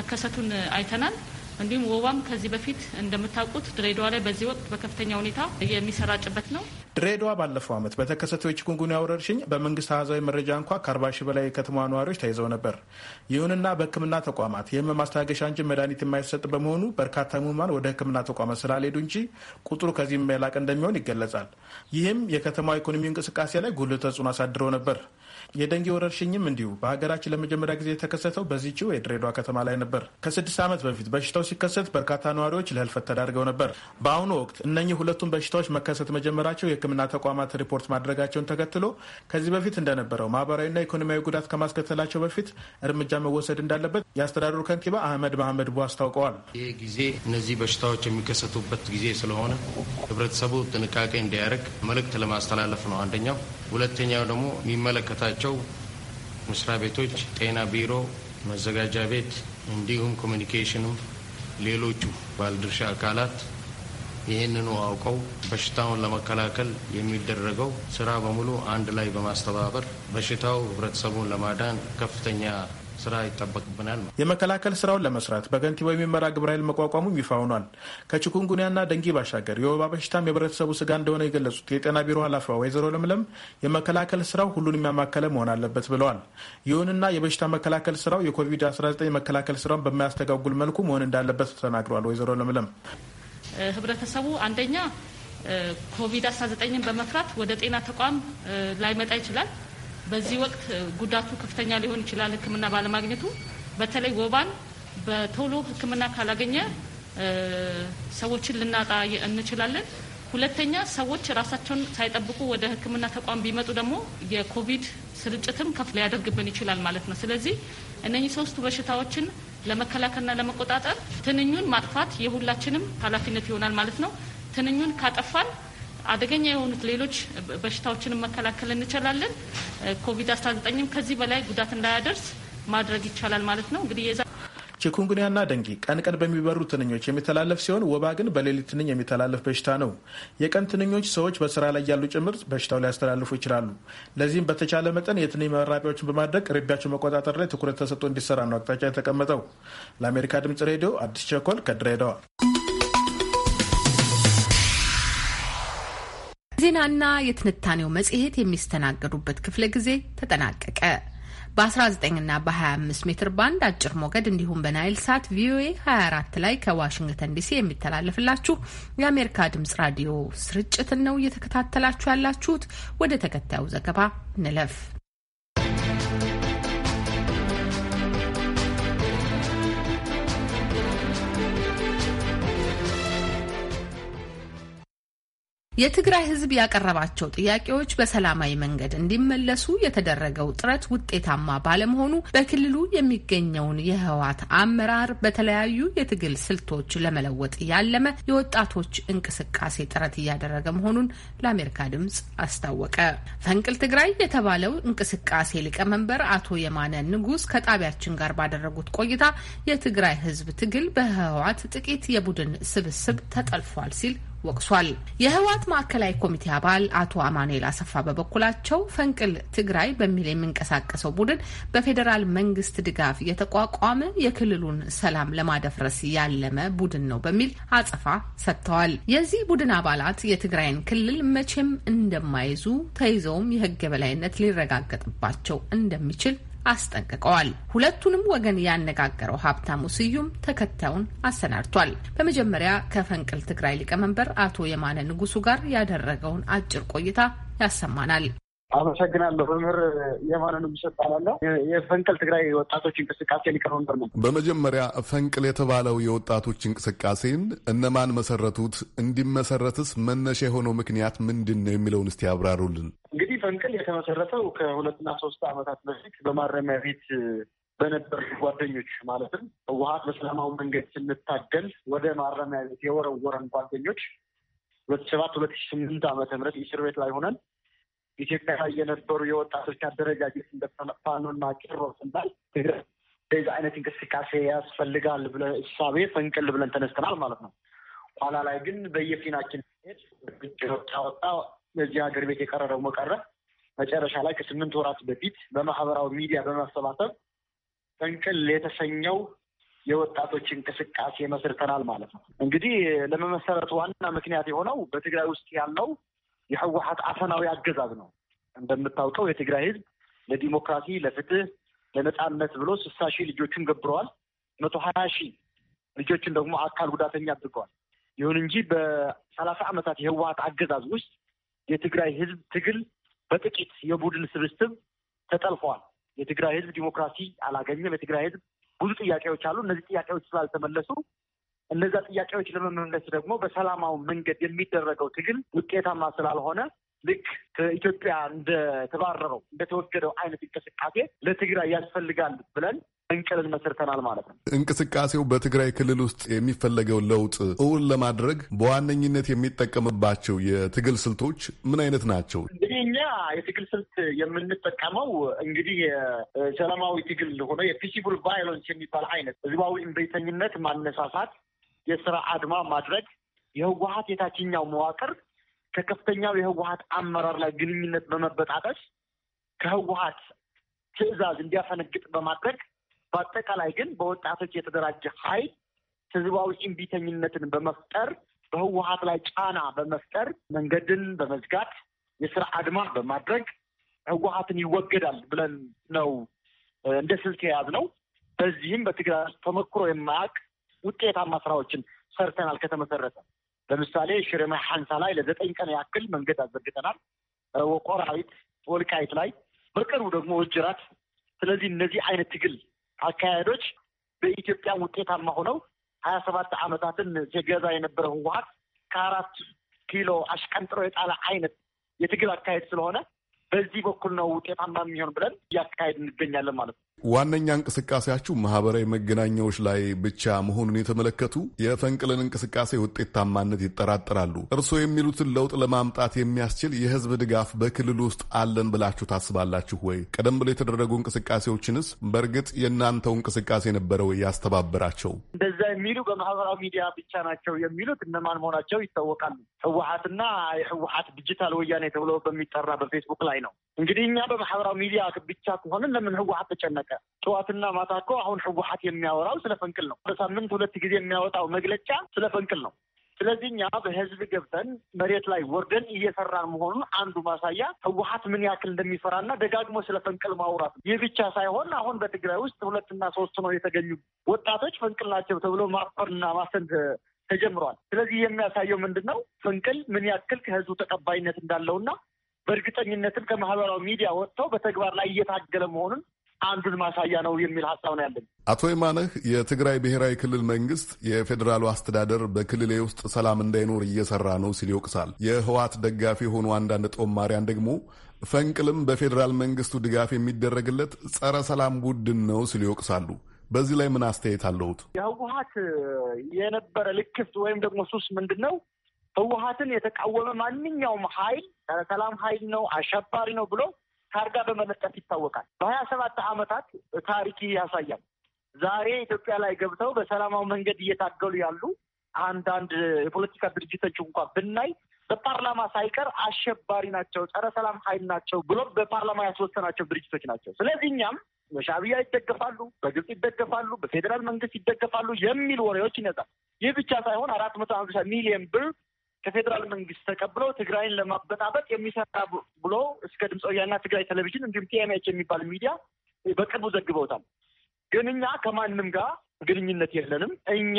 መከሰቱን አይተናል። እንዲሁም ወባም ከዚህ በፊት እንደምታውቁት ድሬዳዋ ላይ በዚህ ወቅት በከፍተኛ ሁኔታ የሚሰራጭበት ነው። ድሬዳዋ ባለፈው ዓመት በተከሰተው የቺኩንጉንያ ወረርሽኝ በመንግስት አሃዛዊ መረጃ እንኳ ከአርባ ሺህ በላይ የከተማ ነዋሪዎች ተይዘው ነበር። ይሁንና በሕክምና ተቋማት የህመም ማስታገሻ እንጂ መድኃኒት የማይሰጥ በመሆኑ በርካታ ህሙማን ወደ ሕክምና ተቋማት ስላልሄዱ እንጂ ቁጥሩ ከዚህም የላቀ እንደሚሆን ይገለጻል። ይህም የከተማ ኢኮኖሚ እንቅስቃሴ ላይ ጉልህ ተጽዕኖ አሳድረው ነበር። የደንጌ ወረርሽኝም እንዲሁ በሀገራችን ለመጀመሪያ ጊዜ የተከሰተው በዚችው የድሬዳዋ ከተማ ላይ ነበር። ከስድስት ዓመት በፊት በሽታው ሲከሰት በርካታ ነዋሪዎች ለህልፈት ተዳርገው ነበር። በአሁኑ ወቅት እነኚህ ሁለቱም በሽታዎች መከሰት መጀመራቸው የህክምና ተቋማት ሪፖርት ማድረጋቸውን ተከትሎ ከዚህ በፊት እንደነበረው ማህበራዊና ኢኮኖሚያዊ ጉዳት ከማስከተላቸው በፊት እርምጃ መወሰድ እንዳለበት የአስተዳደሩ ከንቲባ አህመድ መሐመድ ቡ አስታውቀዋል። ይህ ጊዜ እነዚህ በሽታዎች የሚከሰቱበት ጊዜ ስለሆነ ህብረተሰቡ ጥንቃቄ እንዲያደርግ መልእክት ለማስተላለፍ ነው አንደኛው። ሁለተኛው ደግሞ የሚመለከታቸው ያላቸው መስሪያ ቤቶች ጤና ቢሮ፣ መዘጋጃ ቤት እንዲሁም ኮሚኒኬሽንም ሌሎቹ ባለድርሻ አካላት ይህንኑ አውቀው በሽታውን ለመከላከል የሚደረገው ስራ በሙሉ አንድ ላይ በማስተባበር በሽታው ህብረተሰቡን ለማዳን ከፍተኛ ስራ ይጠበቅብናል። የመከላከል ስራውን ለመስራት በገንቲባ የሚመራ ግብረ ኃይል መቋቋሙም ይፋ ሆኗል። ከቺኩንጉኒያና ደንጊ ባሻገር የወባ በሽታም የህብረተሰቡ ስጋ እንደሆነ የገለጹት የጤና ቢሮ ኃላፊዋ ወይዘሮ ለምለም የመከላከል ስራው ሁሉን የሚያማከለ መሆን አለበት ብለዋል። ይሁንና የበሽታ መከላከል ስራው የኮቪድ-19 መከላከል ስራውን በማያስተጋጉል መልኩ መሆን እንዳለበት ተናግረዋል። ወይዘሮ ለምለም ህብረተሰቡ አንደኛ ኮቪድ-19ን በመፍራት ወደ ጤና ተቋም ላይመጣ ይችላል። በዚህ ወቅት ጉዳቱ ከፍተኛ ሊሆን ይችላል ሕክምና ባለማግኘቱ በተለይ ወባን በቶሎ ሕክምና ካላገኘ ሰዎችን ልናጣ እንችላለን። ሁለተኛ ሰዎች ራሳቸውን ሳይጠብቁ ወደ ሕክምና ተቋም ቢመጡ ደግሞ የኮቪድ ስርጭትም ከፍ ሊያደርግብን ይችላል ማለት ነው። ስለዚህ እነኚህ ሶስቱ በሽታዎችን ለመከላከልና ለመቆጣጠር ትንኙን ማጥፋት የሁላችንም ኃላፊነት ይሆናል ማለት ነው። ትንኙን ካጠፋን አደገኛ የሆኑት ሌሎች በሽታዎችን መከላከል እንችላለን። ኮቪድ 19ም ከዚህ በላይ ጉዳት እንዳያደርስ ማድረግ ይቻላል ማለት ነው እንግዲህ ቺኩንጉንያና ደንጊ ቀን ቀን በሚበሩ ትንኞች የሚተላለፍ ሲሆን ወባ ግን በሌሊት ትንኝ የሚተላለፍ በሽታ ነው። የቀን ትንኞች ሰዎች በስራ ላይ ያሉ ጭምር በሽታው ሊያስተላልፉ ይችላሉ። ለዚህም በተቻለ መጠን የትንኝ መራቢያዎችን በማድረግ ርቢያቸው መቆጣጠር ላይ ትኩረት ተሰጥቶ እንዲሰራ ነው አቅጣጫ የተቀመጠው። ለአሜሪካ ድምጽ ሬዲዮ አዲስ ቸኮል ከድሬዳዋ ዜናና የትንታኔው መጽሔት የሚስተናገዱበት ክፍለ ጊዜ ተጠናቀቀ። በ19ና በ25 ሜትር ባንድ አጭር ሞገድ እንዲሁም በናይል ሳት ቪኦኤ 24 ላይ ከዋሽንግተን ዲሲ የሚተላለፍላችሁ የአሜሪካ ድምጽ ራዲዮ ስርጭትን ነው እየተከታተላችሁ ያላችሁት። ወደ ተከታዩ ዘገባ እንለፍ። የትግራይ ህዝብ ያቀረባቸው ጥያቄዎች በሰላማዊ መንገድ እንዲመለሱ የተደረገው ጥረት ውጤታማ ባለመሆኑ በክልሉ የሚገኘውን የህወሓት አመራር በተለያዩ የትግል ስልቶች ለመለወጥ ያለመ የወጣቶች እንቅስቃሴ ጥረት እያደረገ መሆኑን ለአሜሪካ ድምጽ አስታወቀ። ፈንቅል ትግራይ የተባለው እንቅስቃሴ ሊቀመንበር አቶ የማነ ንጉስ ከጣቢያችን ጋር ባደረጉት ቆይታ የትግራይ ህዝብ ትግል በህወሓት ጥቂት የቡድን ስብስብ ተጠልፏል ሲል ወቅሷል። የህወሓት ማዕከላዊ ኮሚቴ አባል አቶ አማኑኤል አሰፋ በበኩላቸው ፈንቅል ትግራይ በሚል የሚንቀሳቀሰው ቡድን በፌዴራል መንግስት ድጋፍ የተቋቋመ የክልሉን ሰላም ለማደፍረስ ያለመ ቡድን ነው በሚል አጸፋ ሰጥተዋል። የዚህ ቡድን አባላት የትግራይን ክልል መቼም እንደማይዙ ተይዘውም የህግ የበላይነት ሊረጋገጥባቸው እንደሚችል አስጠንቅቀዋል። ሁለቱንም ወገን ያነጋገረው ሀብታሙ ስዩም ተከታዩን አሰናድቷል። በመጀመሪያ ከፈንቅል ትግራይ ሊቀመንበር አቶ የማነ ንጉሱ ጋር ያደረገውን አጭር ቆይታ ያሰማናል። አመሰግናለሁ። መምህር የማንን ምሰጥ የፈንቅል ትግራይ ወጣቶች እንቅስቃሴ ሊቀመንበር ነው። በመጀመሪያ ፈንቅል የተባለው የወጣቶች እንቅስቃሴን እነማን መሰረቱት? እንዲመሰረትስ መነሻ የሆነው ምክንያት ምንድን ነው የሚለውን እስቲ ያብራሩልን። እንግዲህ ፈንቅል የተመሰረተው ከሁለትና ሶስት አመታት በፊት በማረሚያ ቤት በነበር ጓደኞች ማለትም ህወሀት በሰላማዊ መንገድ ስንታገል ወደ ማረሚያ ቤት የወረወረን ጓደኞች ሁለት ሰባት ሁለት ስምንት ዓመተ ምህረት እስር ቤት ላይ ሆነን ኢትዮጵያ ላይ የነበሩ የወጣቶች አደረጃጀት እንደ ፋኖና ቄሮስ ትግራይ እንደዚህ አይነት እንቅስቃሴ ያስፈልጋል ብለን እሳቤ ፈንቅል ብለን ተነስተናል ማለት ነው። ኋላ ላይ ግን በየፊናችን ወጣ ወጣ በዚህ ሀገር ቤት የቀረረው መቀረ መጨረሻ ላይ ከስምንት ወራት በፊት በማህበራዊ ሚዲያ በማሰባሰብ ፈንቅል የተሰኘው የወጣቶች እንቅስቃሴ መስርተናል ማለት ነው። እንግዲህ ለመመሰረቱ ዋና ምክንያት የሆነው በትግራይ ውስጥ ያለው የህወሀት አፈናዊ አገዛዝ ነው። እንደምታውቀው የትግራይ ህዝብ ለዲሞክራሲ፣ ለፍትህ፣ ለነፃነት ብሎ ስሳ ሺህ ልጆችን ገብረዋል። መቶ ሀያ ሺህ ልጆችን ደግሞ አካል ጉዳተኛ አድርገዋል። ይሁን እንጂ በሰላሳ ዓመታት የህወሀት አገዛዝ ውስጥ የትግራይ ህዝብ ትግል በጥቂት የቡድን ስብስብ ተጠልፏል። የትግራይ ህዝብ ዲሞክራሲ አላገኘም። የትግራይ ህዝብ ብዙ ጥያቄዎች አሉ። እነዚህ ጥያቄዎች ስላልተመለሱ እነዛ ጥያቄዎች ለመመለስ ደግሞ በሰላማዊ መንገድ የሚደረገው ትግል ውጤታማ ስላልሆነ ልክ ከኢትዮጵያ እንደተባረረው እንደተወገደው አይነት እንቅስቃሴ ለትግራይ ያስፈልጋል ብለን እንቅልን መስርተናል ማለት ነው። እንቅስቃሴው በትግራይ ክልል ውስጥ የሚፈለገው ለውጥ እውን ለማድረግ በዋነኝነት የሚጠቀምባቸው የትግል ስልቶች ምን አይነት ናቸው? እንግዲህ እኛ የትግል ስልት የምንጠቀመው እንግዲህ ሰላማዊ ትግል ሆነ የፒሲቡል ቫይለንስ የሚባል አይነት ህዝባዊ እምቢተኝነት ማነሳሳት የስራ አድማ ማድረግ የህወሀት የታችኛው መዋቅር ከከፍተኛው የህወሀት አመራር ላይ ግንኙነት በመበጣጠስ ከህወሀት ትዕዛዝ እንዲያፈነግጥ በማድረግ በአጠቃላይ ግን በወጣቶች የተደራጀ ኃይል ህዝባዊ እምቢተኝነትን በመፍጠር በህወሀት ላይ ጫና በመፍጠር መንገድን በመዝጋት የስራ አድማ በማድረግ ህወሀትን ይወገዳል ብለን ነው እንደ ስልት የያዝ ነው። በዚህም በትግራይ ተሞክሮ የማያውቅ ውጤታማ ስራዎችን ሰርተናል። ከተመሰረተ ለምሳሌ ሽሬማ ሐንሳ ላይ ለዘጠኝ ቀን ያክል መንገድ አዘርግተናል። ወቆራዊት ወልቃይት ላይ በቅርቡ ደግሞ ወጅራት። ስለዚህ እነዚህ አይነት ትግል አካሄዶች በኢትዮጵያ ውጤታማ ሆነው ሀያ ሰባት ዓመታትን ሲገዛ የነበረ ህወሀት ከአራት ኪሎ አሽቀንጥሮ የጣለ አይነት የትግል አካሄድ ስለሆነ በዚህ በኩል ነው ውጤታማ የሚሆን ብለን እያካሄድ እንገኛለን ማለት ነው። ዋነኛ እንቅስቃሴያችሁ ማህበራዊ መገናኛዎች ላይ ብቻ መሆኑን የተመለከቱ የፈንቅልን እንቅስቃሴ ውጤታማነት ይጠራጠራሉ። እርስዎ የሚሉትን ለውጥ ለማምጣት የሚያስችል የህዝብ ድጋፍ በክልል ውስጥ አለን ብላችሁ ታስባላችሁ ወይ? ቀደም ብሎ የተደረጉ እንቅስቃሴዎችንስ በእርግጥ የእናንተው እንቅስቃሴ ነበረው ያስተባበራቸው? እንደዛ የሚሉ በማህበራዊ ሚዲያ ብቻ ናቸው የሚሉት እነማን መሆናቸው ይታወቃሉ። ህወሀትና የህወሀት ዲጂታል ወያኔ ተብሎ በሚጠራ በፌስቡክ ላይ ነው። እንግዲህ እኛ በማህበራዊ ሚዲያ ብቻ ከሆነ ለምን ህወሀት ተጨነቀ? ተጠናቀቀ። ጠዋትና ማታ እኮ አሁን ህወሀት የሚያወራው ስለ ፈንቅል ነው። በሳምንት ሁለት ጊዜ የሚያወጣው መግለጫ ስለ ፈንቅል ነው። ስለዚህ እኛ በህዝብ ገብተን መሬት ላይ ወርደን እየሰራን መሆኑን አንዱ ማሳያ ህወሀት ምን ያክል እንደሚፈራና ደጋግሞ ስለ ፈንቅል ማውራት ነው። ይህ ብቻ ሳይሆን አሁን በትግራይ ውስጥ ሁለትና ሶስት ነው የተገኙ ወጣቶች ፈንቅል ናቸው ተብሎ ማፈርና ማፈን ተጀምሯል። ስለዚህ የሚያሳየው ምንድን ነው? ፈንቅል ምን ያክል ከህዝቡ ተቀባይነት እንዳለውና በእርግጠኝነትም ከማህበራዊ ሚዲያ ወጥተው በተግባር ላይ እየታገለ መሆኑን አንዱን ማሳያ ነው የሚል ሀሳብ ነው ያለን። አቶ የማነህ የትግራይ ብሔራዊ ክልል መንግስት የፌዴራሉ አስተዳደር በክልሌ ውስጥ ሰላም እንዳይኖር እየሰራ ነው ሲል ይወቅሳል። የህዋት ደጋፊ የሆኑ አንዳንድ ጦማሪያን ደግሞ ፈንቅልም በፌዴራል መንግስቱ ድጋፍ የሚደረግለት ጸረ ሰላም ቡድን ነው ሲል ይወቅሳሉ። በዚህ ላይ ምን አስተያየት አለሁት? የህወሀት የነበረ ልክፍት ወይም ደግሞ ሱስ ምንድን ነው? ህወሀትን የተቃወመ ማንኛውም ኃይል ጸረ ሰላም ኃይል ነው፣ አሸባሪ ነው ብሎ ታርጋ በመለጠፍ ይታወቃል። በሀያ ሰባት ዓመታት ታሪክ ያሳያል። ዛሬ ኢትዮጵያ ላይ ገብተው በሰላማዊ መንገድ እየታገሉ ያሉ አንዳንድ የፖለቲካ ድርጅቶች እንኳ ብናይ በፓርላማ ሳይቀር አሸባሪ ናቸው፣ ጸረ ሰላም ኃይል ናቸው ብሎ በፓርላማ ያስወሰናቸው ድርጅቶች ናቸው። ስለዚህ እኛም በሻዕቢያ ይደገፋሉ፣ በግብጽ ይደገፋሉ፣ በፌዴራል መንግስት ይደገፋሉ የሚል ወሬዎች ይነዛል። ይህ ብቻ ሳይሆን አራት መቶ ሀምሳ ሚሊዮን ብር ከፌዴራል መንግስት ተቀብሎ ትግራይን ለማበጣበጥ የሚሰራ ብሎ እስከ ድምፅ ወያና ትግራይ ቴሌቪዥን እንዲሁም ቲኤምኤች የሚባል ሚዲያ በቅርቡ ዘግበውታል። ግን እኛ ከማንም ጋር ግንኙነት የለንም። እኛ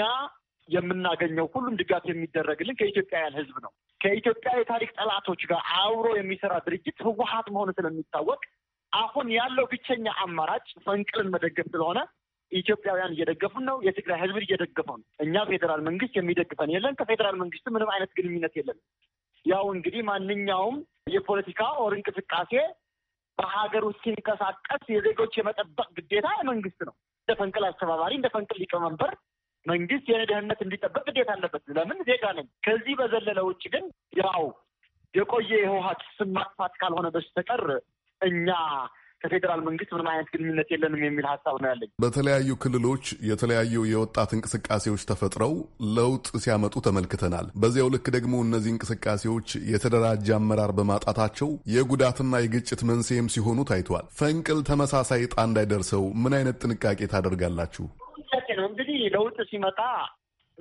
የምናገኘው ሁሉም ድጋፍ የሚደረግልን ከኢትዮጵያውያን ህዝብ ነው። ከኢትዮጵያ የታሪክ ጠላቶች ጋር አብሮ የሚሰራ ድርጅት ህወሀት መሆኑ ስለሚታወቅ አሁን ያለው ብቸኛ አማራጭ ፈንቅልን መደገፍ ስለሆነ ኢትዮጵያውያን እየደገፉን ነው። የትግራይ ህዝብን እየደገፈው ነው። እኛ ፌዴራል መንግስት የሚደግፈን የለን። ከፌዴራል መንግስት ምንም አይነት ግንኙነት የለን። ያው እንግዲህ ማንኛውም የፖለቲካ ኦር እንቅስቃሴ በሀገር ውስጥ ሲንቀሳቀስ የዜጎች የመጠበቅ ግዴታ የመንግስት ነው። እንደ ፈንቅል አስተባባሪ፣ እንደ ፈንቅል ሊቀመንበር መንግስት የኔ ደህንነት እንዲጠበቅ ግዴታ አለበት። ለምን ዜጋ ነኝ። ከዚህ በዘለለ ውጭ ግን ያው የቆየ የህወሀት ስም ማጥፋት ካልሆነ በስተቀር እኛ ከፌዴራል መንግስት ምንም አይነት ግንኙነት የለንም የሚል ሀሳብ ነው ያለኝ። በተለያዩ ክልሎች የተለያዩ የወጣት እንቅስቃሴዎች ተፈጥረው ለውጥ ሲያመጡ ተመልክተናል። በዚያው ልክ ደግሞ እነዚህ እንቅስቃሴዎች የተደራጀ አመራር በማጣታቸው የጉዳትና የግጭት መንስኤም ሲሆኑ ታይቷል። ፈንቅል ተመሳሳይ ዕጣ እንዳይደርሰው ምን አይነት ጥንቃቄ ታደርጋላችሁ? ነው እንግዲህ ለውጥ ሲመጣ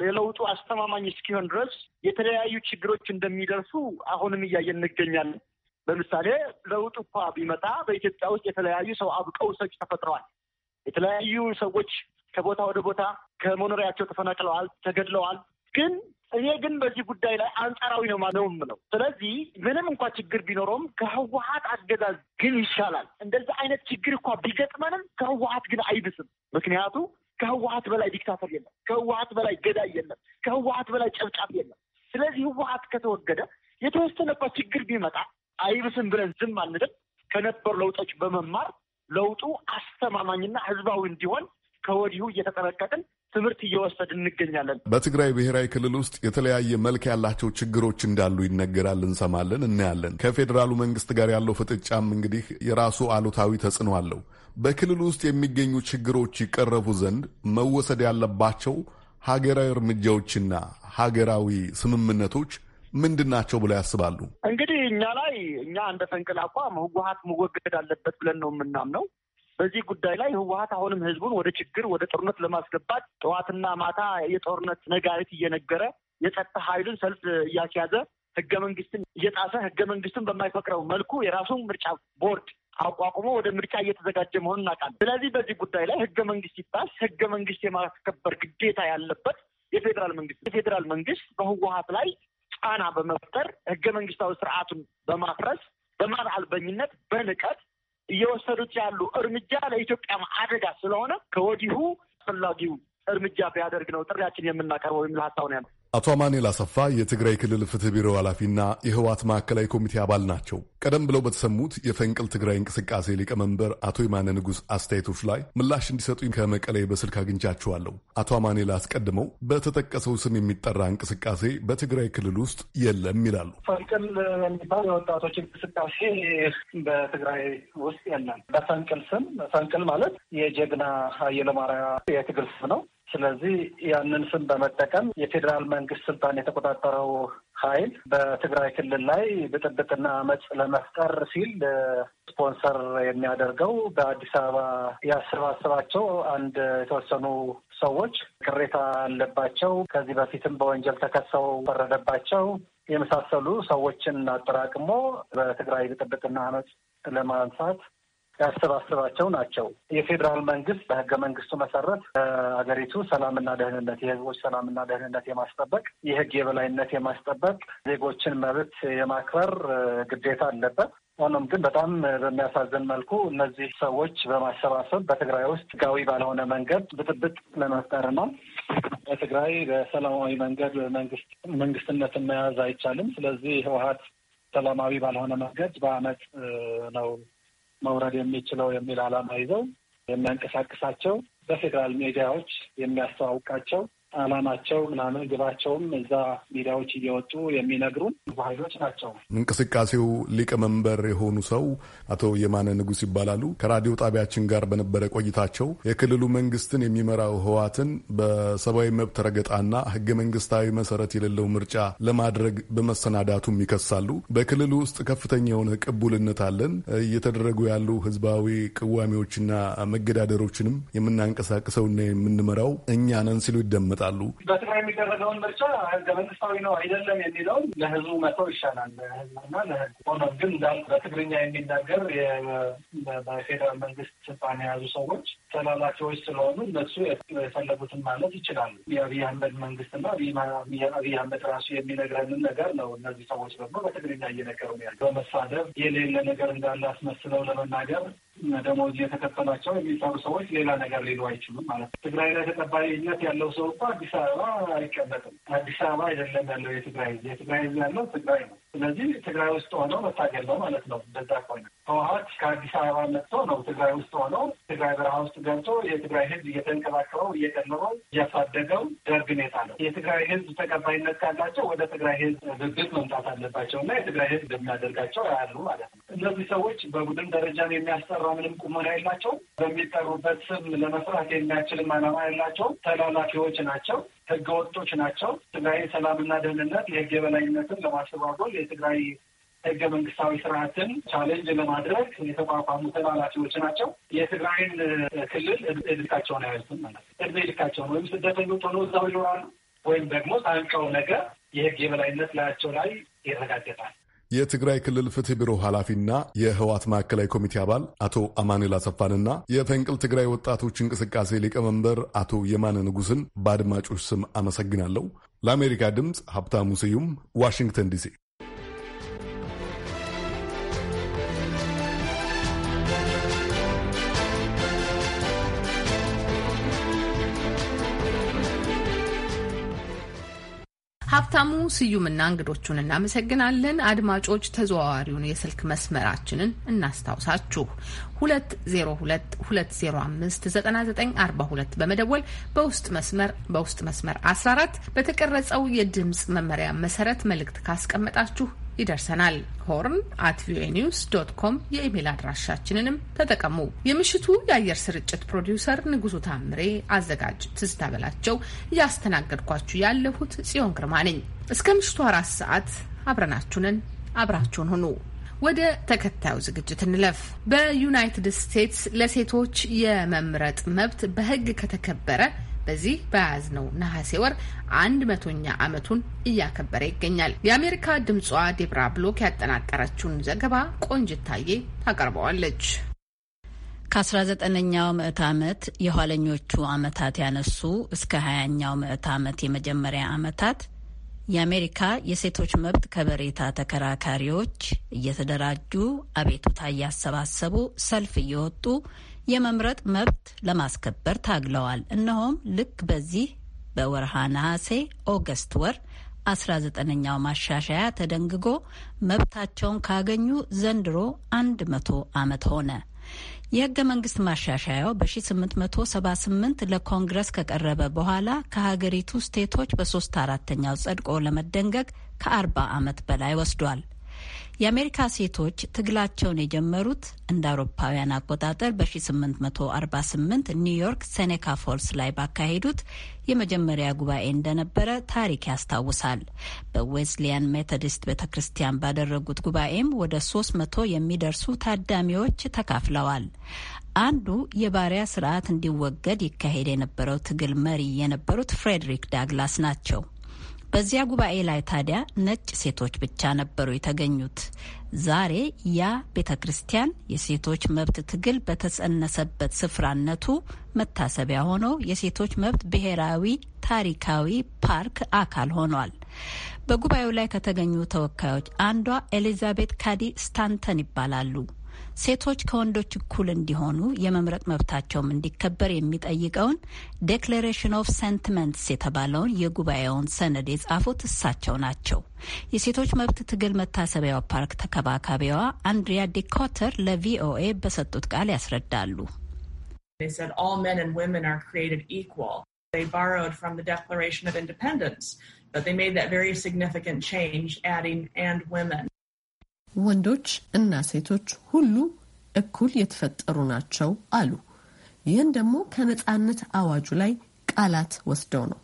የለውጡ አስተማማኝ እስኪሆን ድረስ የተለያዩ ችግሮች እንደሚደርሱ አሁንም እያየን እንገኛለን። ለምሳሌ ለውጥ እኳ ቢመጣ በኢትዮጵያ ውስጥ የተለያዩ ሰው አብቀው ሰዎች ተፈጥረዋል። የተለያዩ ሰዎች ከቦታ ወደ ቦታ ከመኖሪያቸው ተፈናቅለዋል፣ ተገድለዋል። ግን እኔ ግን በዚህ ጉዳይ ላይ አንጻራዊ ነው ነው የምለው። ስለዚህ ምንም እንኳ ችግር ቢኖረውም ከህወሀት አገዛዝ ግን ይሻላል። እንደዚህ አይነት ችግር እኳ ቢገጥመንም ከህወሀት ግን አይብስም። ምክንያቱ ከህወሀት በላይ ዲክታተር የለም፣ ከህወሀት በላይ ገዳይ የለም፣ ከህወሀት በላይ ጨብጫብ የለም። ስለዚህ ህወሀት ከተወገደ የተወሰነ እኳ ችግር ቢመጣ አይብስም ብለን ዝም አንልም። ከነበሩ ለውጦች በመማር ለውጡ አስተማማኝና ህዝባዊ እንዲሆን ከወዲሁ እየተጠነቀቅን ትምህርት እየወሰድ እንገኛለን። በትግራይ ብሔራዊ ክልል ውስጥ የተለያየ መልክ ያላቸው ችግሮች እንዳሉ ይነገራል፣ እንሰማለን፣ እናያለን። ከፌዴራሉ መንግስት ጋር ያለው ፍጥጫም እንግዲህ የራሱ አሉታዊ ተጽዕኖ አለው። በክልል ውስጥ የሚገኙ ችግሮች ይቀረፉ ዘንድ መወሰድ ያለባቸው ሀገራዊ እርምጃዎችና ሀገራዊ ስምምነቶች ምንድን ናቸው ብለው ያስባሉ? እንግዲህ እኛ ላይ እኛ እንደ ፈንቅል አቋም ህወሀት መወገድ አለበት ብለን ነው የምናምነው። በዚህ ጉዳይ ላይ ህወሀት አሁንም ህዝቡን ወደ ችግር ወደ ጦርነት ለማስገባት ጠዋትና ማታ የጦርነት ነጋሪት እየነገረ የጸጥታ ኃይሉን ሰልፍ እያስያዘ ህገ መንግስትን እየጣሰ ህገ መንግስትን በማይፈቅረው መልኩ የራሱን ምርጫ ቦርድ አቋቁሞ ወደ ምርጫ እየተዘጋጀ መሆኑን እናውቃለን። ስለዚህ በዚህ ጉዳይ ላይ ህገ መንግስት ሲጣስ ህገ መንግስት የማስከበር ግዴታ ያለበት የፌዴራል መንግስት የፌዴራል መንግስት በህወሀት ላይ ጫና በመፍጠር ህገ መንግስታዊ ስርዓቱን በማፍረስ በማን አልበኝነት በንቀት እየወሰዱት ያሉ እርምጃ ለኢትዮጵያ አደጋ ስለሆነ ከወዲሁ አስፈላጊው እርምጃ ቢያደርግ ነው ጥሪያችን የምናቀርበው የሚል ሀሳብ ነው ያለው። አቶ አማኔል አሰፋ የትግራይ ክልል ፍትህ ቢሮ ኃላፊና የህዋት ማዕከላዊ ኮሚቴ አባል ናቸው። ቀደም ብለው በተሰሙት የፈንቅል ትግራይ እንቅስቃሴ ሊቀመንበር አቶ የማነ ንጉሥ አስተያየቶች ላይ ምላሽ እንዲሰጡኝ ከመቀሌ በስልክ አግኝቻችኋለሁ። አቶ አማኔል አስቀድመው በተጠቀሰው ስም የሚጠራ እንቅስቃሴ በትግራይ ክልል ውስጥ የለም ይላሉ። ፈንቅል የሚባል የወጣቶች እንቅስቃሴ በትግራይ ውስጥ የለም። በፈንቅል ስም ፈንቅል ማለት የጀግና ኃይለማርያም የትግል ስም ነው። ስለዚህ ያንን ስም በመጠቀም የፌዴራል መንግስት ስልጣን የተቆጣጠረው ኃይል በትግራይ ክልል ላይ ብጥብጥና አመፅ ለመፍጠር ሲል ስፖንሰር የሚያደርገው በአዲስ አበባ ያሰባሰባቸው አንድ የተወሰኑ ሰዎች ቅሬታ አለባቸው፣ ከዚህ በፊትም በወንጀል ተከሰው ፈረደባቸው የመሳሰሉ ሰዎችን አጠራቅሞ በትግራይ ብጥብጥና አመፅ ለማንሳት ያሰባስባቸው ናቸው። የፌዴራል መንግስት በህገ መንግስቱ መሰረት ሀገሪቱ ሰላምና ደህንነት፣ የህዝቦች ሰላምና ደህንነት የማስጠበቅ የህግ የበላይነት የማስጠበቅ ዜጎችን መብት የማክበር ግዴታ አለበት። ሆኖም ግን በጣም በሚያሳዝን መልኩ እነዚህ ሰዎች በማሰባሰብ በትግራይ ውስጥ ህጋዊ ባልሆነ መንገድ ብጥብጥ ለመፍጠርና በትግራይ በሰላማዊ መንገድ መንግስት መንግስትነትን መያዝ አይቻልም። ስለዚህ ህወሀት ሰላማዊ ባልሆነ መንገድ በአመፅ ነው መውረድ የሚችለው የሚል ዓላማ ይዘው የሚያንቀሳቅሳቸው በፌዴራል ሚዲያዎች የሚያስተዋውቃቸው አላማቸው ምናምን ግባቸውም እዛ ሚዲያዎች እየወጡ የሚነግሩን ኃይሎች ናቸው። እንቅስቃሴው ሊቀመንበር የሆኑ ሰው አቶ የማነ ንጉስ ይባላሉ። ከራዲዮ ጣቢያችን ጋር በነበረ ቆይታቸው የክልሉ መንግስትን የሚመራው ህወሓትን በሰብአዊ መብት ረገጣና ህገ መንግስታዊ መሰረት የሌለው ምርጫ ለማድረግ በመሰናዳቱም ይከሳሉ። በክልሉ ውስጥ ከፍተኛ የሆነ ቅቡልነት አለን፣ እየተደረጉ ያሉ ህዝባዊ ቅዋሚዎችና መገዳደሮችንም የምናንቀሳቅሰውና የምንመራው እኛ ነን ሲሉ ይደመጣል። ይመጣሉ? በትግራይ የሚደረገውን ምርጫ ህገ መንግስታዊ ነው አይደለም የሚለውን ለህዝቡ መተው ይሻላል። ለህዝብ ሆኖ ግን በትግርኛ የሚናገር በፌዴራል መንግስት ስልጣን የያዙ ሰዎች ተላላኪዎች ስለሆኑ እነሱ የፈለጉትን ማለት ይችላሉ። የአብይ አህመድ መንግስትና አብይ አህመድ ራሱ የሚነግረንን ነገር ነው። እነዚህ ሰዎች ደግሞ በትግርኛ እየነገሩ ያ በመሳደብ የሌለ ነገር እንዳለ አስመስለው ለመናገር ደሞዝ የተከፈላቸው የሚሰሩ ሰዎች ሌላ ነገር ሊሉ አይችሉም ማለት ነው። ትግራይ ላይ ተቀባይነት ያለው ሰው እንኳ አዲስ አበባ አይቀመጥም። አዲስ አበባ አይደለም ያለው የትግራይ ህዝብ። የትግራይ ህዝብ ያለው ትግራይ ነው። ስለዚህ ትግራይ ውስጥ ሆነው መታገል ነው ማለት ነው። በዛ ከሆነ ህወሀት ከአዲስ አበባ መጥቶ ነው ትግራይ ውስጥ ሆነው ትግራይ በረሃ ውስጥ ገብቶ የትግራይ ህዝብ እየተንከባከበው፣ እየቀለበው፣ እያሳደገው ደርግ ነው የጣለው። የትግራይ ህዝብ ተቀባይነት ካላቸው ወደ ትግራይ ህዝብ ብብት መምጣት አለባቸው እና የትግራይ ህዝብ የሚያደርጋቸው ያሉ ማለት ነው። እነዚህ ሰዎች በቡድን ደረጃም የሚያስጠራ ምንም ቁመና የላቸው። በሚጠሩበት ስም ለመስራት የሚያችልም አላማ የላቸው። ተላላፊዎች ናቸው። ህገ ወጦች ናቸው። ትግራይ ሰላምና ደህንነት የህግ የበላይነትን ለማስተጓጎል የትግራይ ህገ መንግስታዊ ስርዓትን ቻሌንጅ ለማድረግ የተቋቋሙ ተላላፊዎች ናቸው። የትግራይን ክልል ነው አያልፍም ማለት እድሜ ነው ወይም ስደተኞች ሆኖ እዛው ይኖራሉ ወይም ደግሞ ታንቀው ነገር የህግ የበላይነት ላያቸው ላይ ይረጋገጣል። የትግራይ ክልል ፍትህ ቢሮ ኃላፊና የህዋት ማዕከላዊ ኮሚቴ አባል አቶ አማኑኤል አሰፋንና የፈንቅል ትግራይ ወጣቶች እንቅስቃሴ ሊቀመንበር አቶ የማነ ንጉስን በአድማጮች ስም አመሰግናለሁ። ለአሜሪካ ድምፅ ሀብታሙ ስዩም ዋሽንግተን ዲሲ። ሀብታሙ ስዩምና እንግዶቹን እናመሰግናለን። አድማጮች ተዘዋዋሪውን የስልክ መስመራችንን እናስታውሳችሁ 2022059942 በመደወል በውስጥ መስመር በውስጥ መስመር 14 በተቀረጸው የድምፅ መመሪያ መሰረት መልእክት ካስቀመጣችሁ ይደርሰናል። ሆርን አት ቪኦኤ ኒውስ ዶት ኮም የኢሜል አድራሻችንንም ተጠቀሙ። የምሽቱ የአየር ስርጭት ፕሮዲውሰር ንጉሱ ታምሬ፣ አዘጋጅ ትዝታ በላቸው፣ እያስተናገድኳችሁ ያለሁት ጽዮን ግርማ ነኝ። እስከ ምሽቱ አራት ሰዓት አብረናችሁንን አብራችሁን ሁኑ። ወደ ተከታዩ ዝግጅት እንለፍ። በዩናይትድ ስቴትስ ለሴቶች የመምረጥ መብት በሕግ ከተከበረ በዚህ በያዝነው ነሐሴ ወር አንድ መቶኛ ዓመቱን እያከበረ ይገኛል። የአሜሪካ ድምጿ ዴብራ ብሎክ ያጠናቀረችውን ዘገባ ቆንጅታዬ ታቀርበዋለች። ከ19ኛው ምዕት ዓመት የኋለኞቹ ዓመታት ያነሱ እስከ 20ኛው ምዕት ዓመት የመጀመሪያ ዓመታት የአሜሪካ የሴቶች መብት ከበሬታ ተከራካሪዎች እየተደራጁ አቤቱታ እያሰባሰቡ ሰልፍ እየወጡ የመምረጥ መብት ለማስከበር ታግለዋል። እነሆም ልክ በዚህ በወርሃ ነሐሴ ኦገስት ወር 19ኛው ማሻሻያ ተደንግጎ መብታቸውን ካገኙ ዘንድሮ 100 ዓመት ሆነ። የህገ መንግስት ማሻሻያው በ1878 ለኮንግረስ ከቀረበ በኋላ ከሀገሪቱ ስቴቶች በሶስት አራተኛው ጸድቆ ለመደንገግ ከ40 ዓመት በላይ ወስዷል። የአሜሪካ ሴቶች ትግላቸውን የጀመሩት እንደ አውሮፓውያን አቆጣጠር በ1848 ኒውዮርክ ሴኔካ ፎልስ ላይ ባካሄዱት የመጀመሪያ ጉባኤ እንደነበረ ታሪክ ያስታውሳል። በዌዝሊያን ሜቶዲስት ቤተ ክርስቲያን ባደረጉት ጉባኤም ወደ 300 የሚደርሱ ታዳሚዎች ተካፍለዋል። አንዱ የባሪያ ስርዓት እንዲወገድ ይካሄድ የነበረው ትግል መሪ የነበሩት ፍሬድሪክ ዳግላስ ናቸው። በዚያ ጉባኤ ላይ ታዲያ ነጭ ሴቶች ብቻ ነበሩ የተገኙት። ዛሬ ያ ቤተ ክርስቲያን የሴቶች መብት ትግል በተጸነሰበት ስፍራነቱ መታሰቢያ ሆኖ የሴቶች መብት ብሔራዊ ታሪካዊ ፓርክ አካል ሆኗል። በጉባኤው ላይ ከተገኙ ተወካዮች አንዷ ኤሊዛቤት ካዲ ስታንተን ይባላሉ። ሴቶች ከወንዶች እኩል እንዲሆኑ የመምረጥ መብታቸውም እንዲከበር የሚጠይቀውን ዴክሌሬሽን ኦፍ ሴንቲመንትስ የተባለውን የጉባኤውን ሰነድ የጻፉት እሳቸው ናቸው። የሴቶች መብት ትግል መታሰቢያው ፓርክ ተከባካቢዋ አንድሪያ ዲኮተር ለቪኦኤ በሰጡት ቃል ያስረዳሉ። but they made that very significant change, adding and women. ወንዶች እና ሴቶች ሁሉ እኩል የተፈጠሩ ናቸው አሉ። ይህን ደግሞ ከነጻነት አዋጁ ላይ ቃላት ወስደው ነው።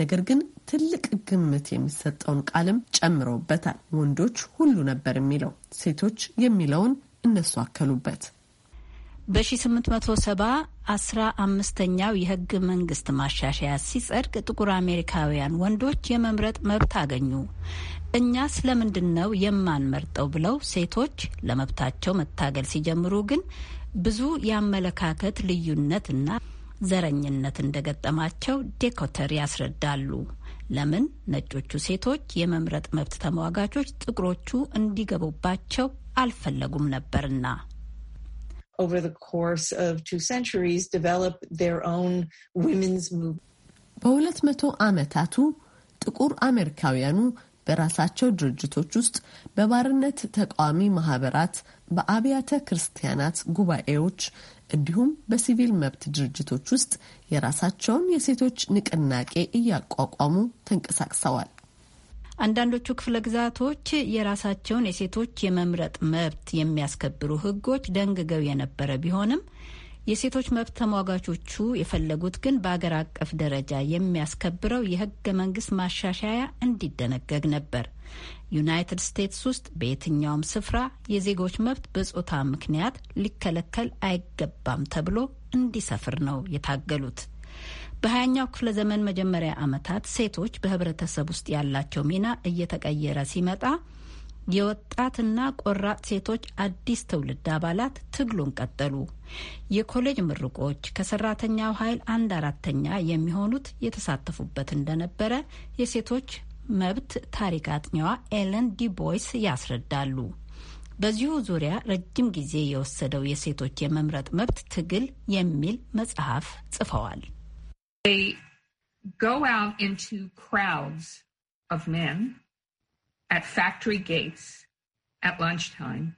ነገር ግን ትልቅ ግምት የሚሰጠውን ቃልም ጨምረውበታል። ወንዶች ሁሉ ነበር የሚለው ሴቶች የሚለውን እነሱ አከሉበት። በ1870 አስራ አምስተኛው የህግ መንግስት ማሻሻያ ሲጸድቅ ጥቁር አሜሪካውያን ወንዶች የመምረጥ መብት አገኙ። እኛ ስለምንድን ነው የማንመርጠው ብለው ሴቶች ለመብታቸው መታገል ሲጀምሩ ግን ብዙ የአመለካከት ልዩነትና ዘረኝነት እንደገጠማቸው ዴኮተር ያስረዳሉ። ለምን ነጮቹ ሴቶች የመምረጥ መብት ተሟጋቾች ጥቁሮቹ እንዲገቡባቸው አልፈለጉም ነበርና። over the course of two centuries, develop their own women's movement. ዓመታቱ ጥቁር አሜሪካውያኑ በራሳቸው ድርጅቶች ውስጥ በባርነት ተቃዋሚ ማህበራት፣ በአብያተ ክርስቲያናት ጉባኤዎች እንዲሁም በሲቪል መብት ድርጅቶች ውስጥ የራሳቸውን የሴቶች ንቅናቄ እያቋቋሙ ተንቀሳቅሰዋል። አንዳንዶቹ ክፍለ ግዛቶች የራሳቸውን የሴቶች የመምረጥ መብት የሚያስከብሩ ሕጎች ደንግገው የነበረ ቢሆንም የሴቶች መብት ተሟጋቾቹ የፈለጉት ግን በአገር አቀፍ ደረጃ የሚያስከብረው የህገ መንግስት ማሻሻያ እንዲደነገግ ነበር። ዩናይትድ ስቴትስ ውስጥ በየትኛውም ስፍራ የዜጎች መብት በጾታ ምክንያት ሊከለከል አይገባም ተብሎ እንዲሰፍር ነው የታገሉት። በሀያኛው ክፍለ ዘመን መጀመሪያ ዓመታት ሴቶች በህብረተሰብ ውስጥ ያላቸው ሚና እየተቀየረ ሲመጣ የወጣትና ቆራጥ ሴቶች አዲስ ትውልድ አባላት ትግሉን ቀጠሉ። የኮሌጅ ምርቆች ከሰራተኛው ኃይል አንድ አራተኛ የሚሆኑት የተሳተፉበት እንደነበረ የሴቶች መብት ታሪክ አጥኚዋ ኤለን ዲቦይስ ያስረዳሉ። በዚሁ ዙሪያ ረጅም ጊዜ የወሰደው የሴቶች የመምረጥ መብት ትግል የሚል መጽሐፍ ጽፈዋል። They go out into crowds of men at factory gates at lunchtime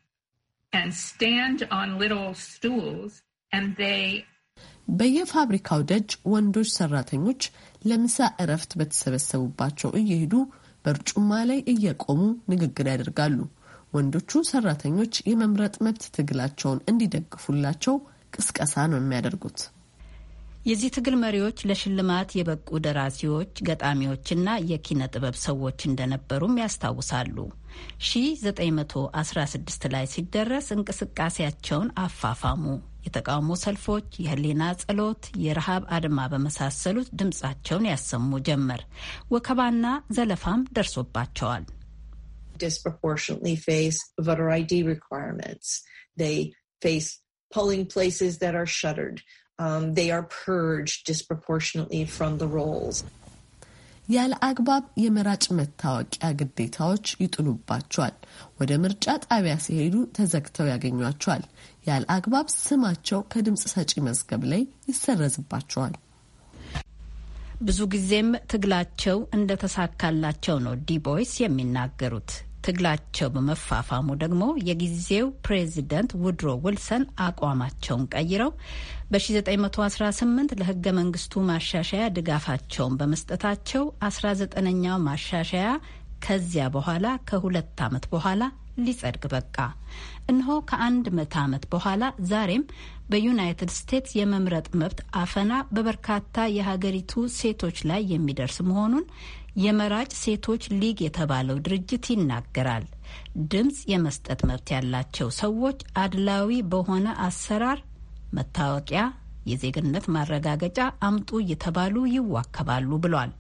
and stand on little stools and they በየፋብሪካው ደጅ ወንዶች ሰራተኞች ለምሳ እረፍት በተሰበሰቡባቸው እየሄዱ በርጩማ ላይ እየቆሙ ንግግር ያደርጋሉ። ወንዶቹ ሰራተኞች የመምረጥ መብት ትግላቸውን እንዲደግፉላቸው ቅስቀሳ ነው የሚያደርጉት። የዚህ ትግል መሪዎች ለሽልማት የበቁ ደራሲዎች፣ ገጣሚዎችና የኪነ ጥበብ ሰዎች እንደነበሩም ያስታውሳሉ። 1916 ላይ ሲደረስ እንቅስቃሴያቸውን አፋፋሙ። የተቃውሞ ሰልፎች፣ የህሊና ጸሎት፣ የረሃብ አድማ በመሳሰሉት ድምፃቸውን ያሰሙ ጀመር። ወከባና ዘለፋም ደርሶባቸዋል። ፖሊንግ ፕሌስስ ዛት አር ሸተርድ um, they are purged disproportionately from the roles. ያለ አግባብ የመራጭ መታወቂያ ግዴታዎች ይጥሉባቸዋል። ወደ ምርጫ ጣቢያ ሲሄዱ ተዘግተው ያገኟቸዋል። ያለ አግባብ ስማቸው ከድምፅ ሰጪ መዝገብ ላይ ይሰረዝባቸዋል። ብዙ ጊዜም ትግላቸው እንደተሳካላቸው ነው ዲቦይስ የሚናገሩት። ትግላቸው በመፋፋሙ ደግሞ የጊዜው ፕሬዚደንት ውድሮ ውልሰን አቋማቸውን ቀይረው በ1918 ለህገ መንግስቱ ማሻሻያ ድጋፋቸውን በመስጠታቸው 19ኛው ማሻሻያ ከዚያ በኋላ ከሁለት ዓመት በኋላ ሊጸድቅ በቃ። እነሆ ከአንድ መቶ ዓመት በኋላ ዛሬም በዩናይትድ ስቴትስ የመምረጥ መብት አፈና በበርካታ የሀገሪቱ ሴቶች ላይ የሚደርስ መሆኑን የመራጭ ሴቶች ሊግ የተባለው ድርጅት ይናገራል። ድምፅ የመስጠት መብት ያላቸው ሰዎች አድላዊ በሆነ አሰራር መታወቂያ፣ የዜግነት ማረጋገጫ አምጡ እየተባሉ ይዋከባሉ ብሏል።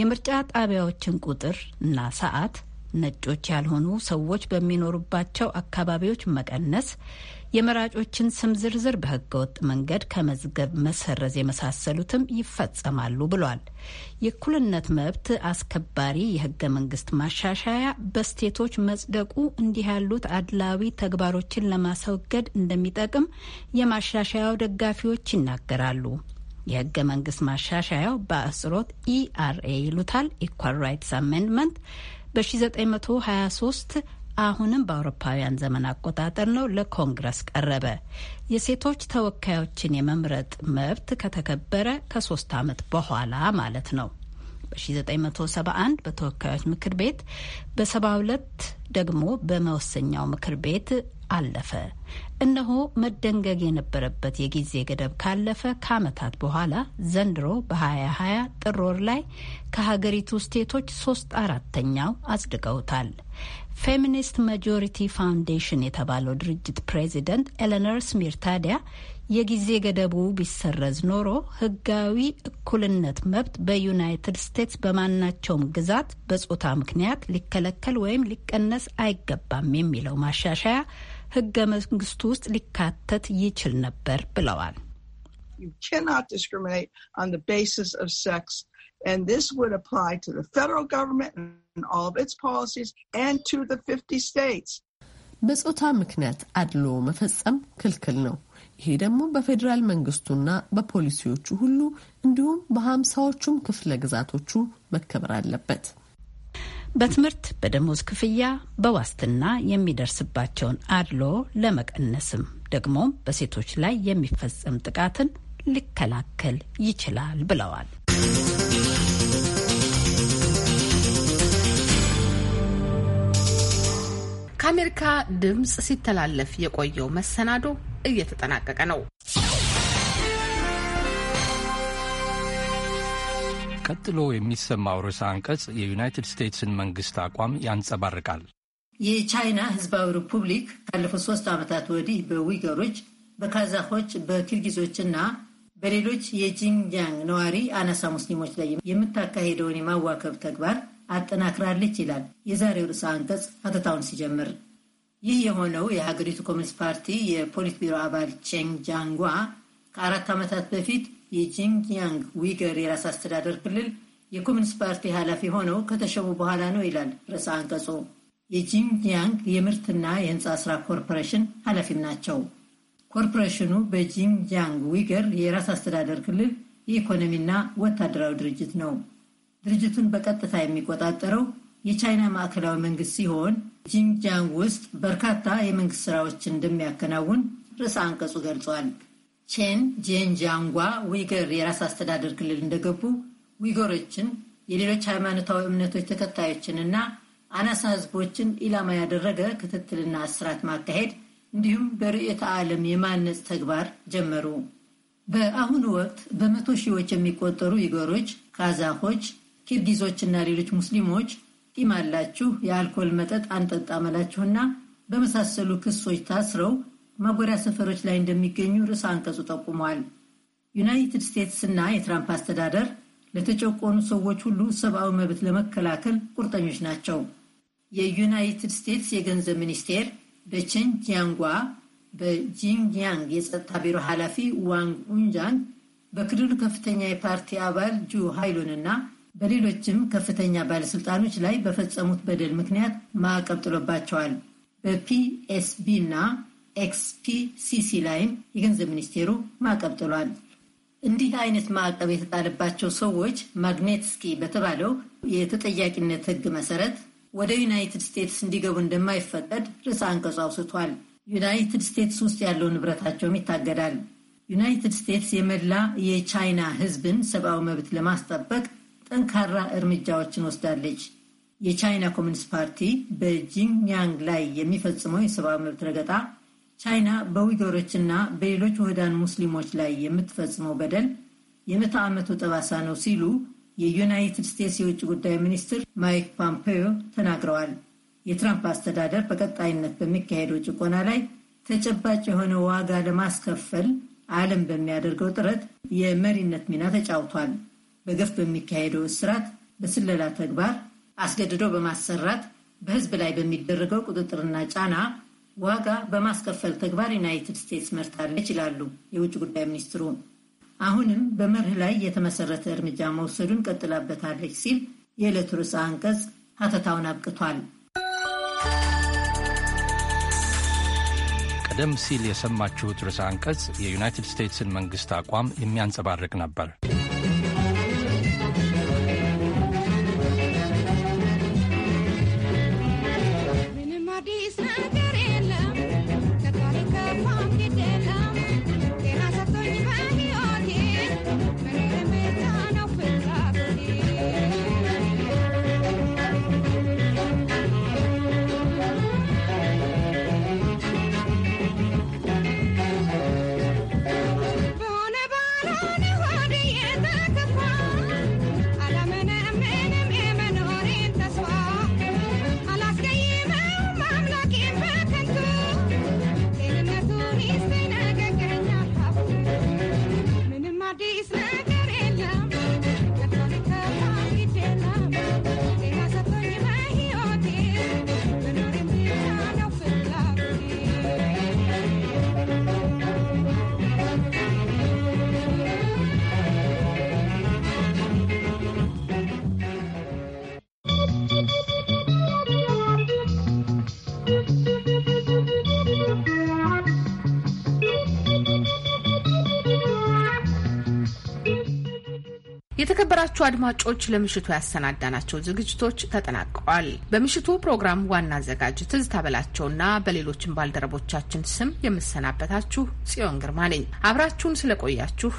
የምርጫ ጣቢያዎችን ቁጥር እና ሰዓት ነጮች ያልሆኑ ሰዎች በሚኖሩባቸው አካባቢዎች መቀነስ የመራጮችን ስም ዝርዝር በህገወጥ መንገድ ከመዝገብ መሰረዝ የመሳሰሉትም ይፈጸማሉ ብሏል። የእኩልነት መብት አስከባሪ የህገ መንግስት ማሻሻያ በስቴቶች መጽደቁ እንዲህ ያሉት አድላዊ ተግባሮችን ለማስወገድ እንደሚጠቅም የማሻሻያው ደጋፊዎች ይናገራሉ። የህገ መንግስት ማሻሻያው በአጽሮት ኢአርኤ e ይሉታል ኢኳል ራይትስ አሜንድመንት በ1923 አሁንም በአውሮፓውያን ዘመን አቆጣጠር ነው ለኮንግረስ ቀረበ። የሴቶች ተወካዮችን የመምረጥ መብት ከተከበረ ከሶስት ዓመት በኋላ ማለት ነው። በ1971 በተወካዮች ምክር ቤት በ72 ደግሞ በመወሰኛው ምክር ቤት አለፈ። እነሆ መደንገግ የነበረበት የጊዜ ገደብ ካለፈ ከዓመታት በኋላ ዘንድሮ በ2020 ጥር ወር ላይ ከሀገሪቱ ስቴቶች ሶስት አራተኛው አጽድቀውታል። ፌሚኒስት ማጆሪቲ ፋውንዴሽን የተባለው ድርጅት ፕሬዚደንት ኤለነር ስሚር ታዲያ የጊዜ ገደቡ ቢሰረዝ ኖሮ ሕጋዊ እኩልነት መብት በዩናይትድ ስቴትስ በማናቸውም ግዛት በጾታ ምክንያት ሊከለከል ወይም ሊቀነስ አይገባም የሚለው ማሻሻያ ሕገ መንግስቱ ውስጥ ሊካተት ይችል ነበር ብለዋል። You cannot discriminate on the basis of sex And this would apply to the federal government and all of its policies and to the 50 states. በጾታ ምክንያት አድሎ መፈጸም ክልክል ነው። ይሄ ደግሞ በፌዴራል መንግስቱና በፖሊሲዎቹ ሁሉ እንዲሁም በሀምሳዎቹም ክፍለ ግዛቶቹ መከበር አለበት። በትምህርት በደሞዝ ክፍያ፣ በዋስትና የሚደርስባቸውን አድሎ ለመቀነስም ደግሞም በሴቶች ላይ የሚፈጸም ጥቃትን ሊከላከል ይችላል ብለዋል። ከአሜሪካ ድምፅ ሲተላለፍ የቆየው መሰናዶ እየተጠናቀቀ ነው። ቀጥሎ የሚሰማው ርዕሰ አንቀጽ የዩናይትድ ስቴትስን መንግስት አቋም ያንጸባርቃል። የቻይና ህዝባዊ ሪፑብሊክ ካለፉት ሶስት ዓመታት ወዲህ በዊገሮች፣ በኪርጊዞች በኪርጊዞችና በሌሎች የጂንጃንግ ነዋሪ አናሳ ሙስሊሞች ላይ የምታካሄደውን የማዋከብ ተግባር አጠናክራለች ይላል የዛሬው ርዕሰ አንቀጽ ሀተታውን ሲጀምር። ይህ የሆነው የሀገሪቱ ኮሚኒስት ፓርቲ የፖሊት ቢሮ አባል ቼንግ ጃንጓ ከአራት ዓመታት በፊት የጂንግያንግ ዊገር የራስ አስተዳደር ክልል የኮሚኒስት ፓርቲ ኃላፊ ሆነው ከተሸሙ በኋላ ነው ይላል ርዕሰ አንቀጹ። የጂንግያንግ የምርትና የህንፃ ስራ ኮርፖሬሽን ኃላፊም ናቸው። ኮርፖሬሽኑ በጂንግያንግ ዊገር የራስ አስተዳደር ክልል የኢኮኖሚና ወታደራዊ ድርጅት ነው። ድርጅቱን በቀጥታ የሚቆጣጠረው የቻይና ማዕከላዊ መንግስት ሲሆን ጂንጃንግ ውስጥ በርካታ የመንግስት ስራዎችን እንደሚያከናውን ርዕሰ አንቀጹ ገልጿል። ቼን ጄንጃንጓ ዊገር የራስ አስተዳደር ክልል እንደገቡ ዊገሮችን፣ የሌሎች ሃይማኖታዊ እምነቶች ተከታዮችንና አናሳ ህዝቦችን ኢላማ ያደረገ ክትትልና እስራት ማካሄድ እንዲሁም በርዕዮተ ዓለም የማነጽ ተግባር ጀመሩ። በአሁኑ ወቅት በመቶ ሺዎች የሚቆጠሩ ዊገሮች፣ ካዛኮች ኪርጊዞችና ሌሎች ሙስሊሞች ጢም አላችሁ፣ የአልኮል መጠጥ አንጠጣመላችሁና በመሳሰሉ ክሶች ታስረው ማጎሪያ ሰፈሮች ላይ እንደሚገኙ ርዕሰ አንቀጹ ጠቁሟል። ዩናይትድ ስቴትስ እና የትራምፕ አስተዳደር ለተጨቆኑ ሰዎች ሁሉ ሰብአዊ መብት ለመከላከል ቁርጠኞች ናቸው። የዩናይትድ ስቴትስ የገንዘብ ሚኒስቴር በቼንጂያንጓ በጂንግያንግ የጸጥታ ቢሮ ኃላፊ ዋንግ ኡንጃንግ በክልሉ ከፍተኛ የፓርቲ አባል ጁ እና በሌሎችም ከፍተኛ ባለስልጣኖች ላይ በፈጸሙት በደል ምክንያት ማዕቀብ ጥሎባቸዋል። በፒኤስቢ እና ኤክስፒሲሲ ላይም የገንዘብ ሚኒስቴሩ ማዕቀብ ጥሏል። እንዲህ አይነት ማዕቀብ የተጣለባቸው ሰዎች ማግኔትስኪ በተባለው የተጠያቂነት ሕግ መሰረት ወደ ዩናይትድ ስቴትስ እንዲገቡ እንደማይፈቀድ ርዕሰ አንቀጹ አውስቷል። ዩናይትድ ስቴትስ ውስጥ ያለው ንብረታቸውም ይታገዳል። ዩናይትድ ስቴትስ የመላ የቻይና ሕዝብን ሰብአዊ መብት ለማስጠበቅ ጠንካራ እርምጃዎችን ወስዳለች። የቻይና ኮሚኒስት ፓርቲ በጂንያንግ ላይ የሚፈጽመው የሰብአዊ መብት ረገጣ፣ ቻይና በዊገሮችና በሌሎች ውህዳን ሙስሊሞች ላይ የምትፈጽመው በደል የምዕተ ዓመቱ ጠባሳ ነው ሲሉ የዩናይትድ ስቴትስ የውጭ ጉዳይ ሚኒስትር ማይክ ፖምፔዮ ተናግረዋል። የትራምፕ አስተዳደር በቀጣይነት በሚካሄደው ጭቆና ላይ ተጨባጭ የሆነ ዋጋ ለማስከፈል ዓለም በሚያደርገው ጥረት የመሪነት ሚና ተጫውቷል። በገፍ በሚካሄደው እስራት፣ በስለላ ተግባር፣ አስገድዶ በማሰራት በህዝብ ላይ በሚደረገው ቁጥጥርና ጫና ዋጋ በማስከፈል ተግባር ዩናይትድ ስቴትስ መርታለች ይላሉ የውጭ ጉዳይ ሚኒስትሩ። አሁንም በመርህ ላይ የተመሰረተ እርምጃ መውሰዱን ቀጥላበታለች ሲል የዕለቱ ርዕሰ አንቀጽ ሀተታውን አብቅቷል። ቀደም ሲል የሰማችሁት ርዕሰ አንቀጽ የዩናይትድ ስቴትስን መንግስት አቋም የሚያንጸባርቅ ነበር። የተከበራችሁ አድማጮች ለምሽቱ ያሰናዳናቸው ዝግጅቶች ተጠናቀዋል። በምሽቱ ፕሮግራም ዋና አዘጋጅ ትዝታ በላቸውና በሌሎችም ባልደረቦቻችን ስም የምሰናበታችሁ ጽዮን ግርማ ነኝ። አብራችሁን ስለቆያችሁ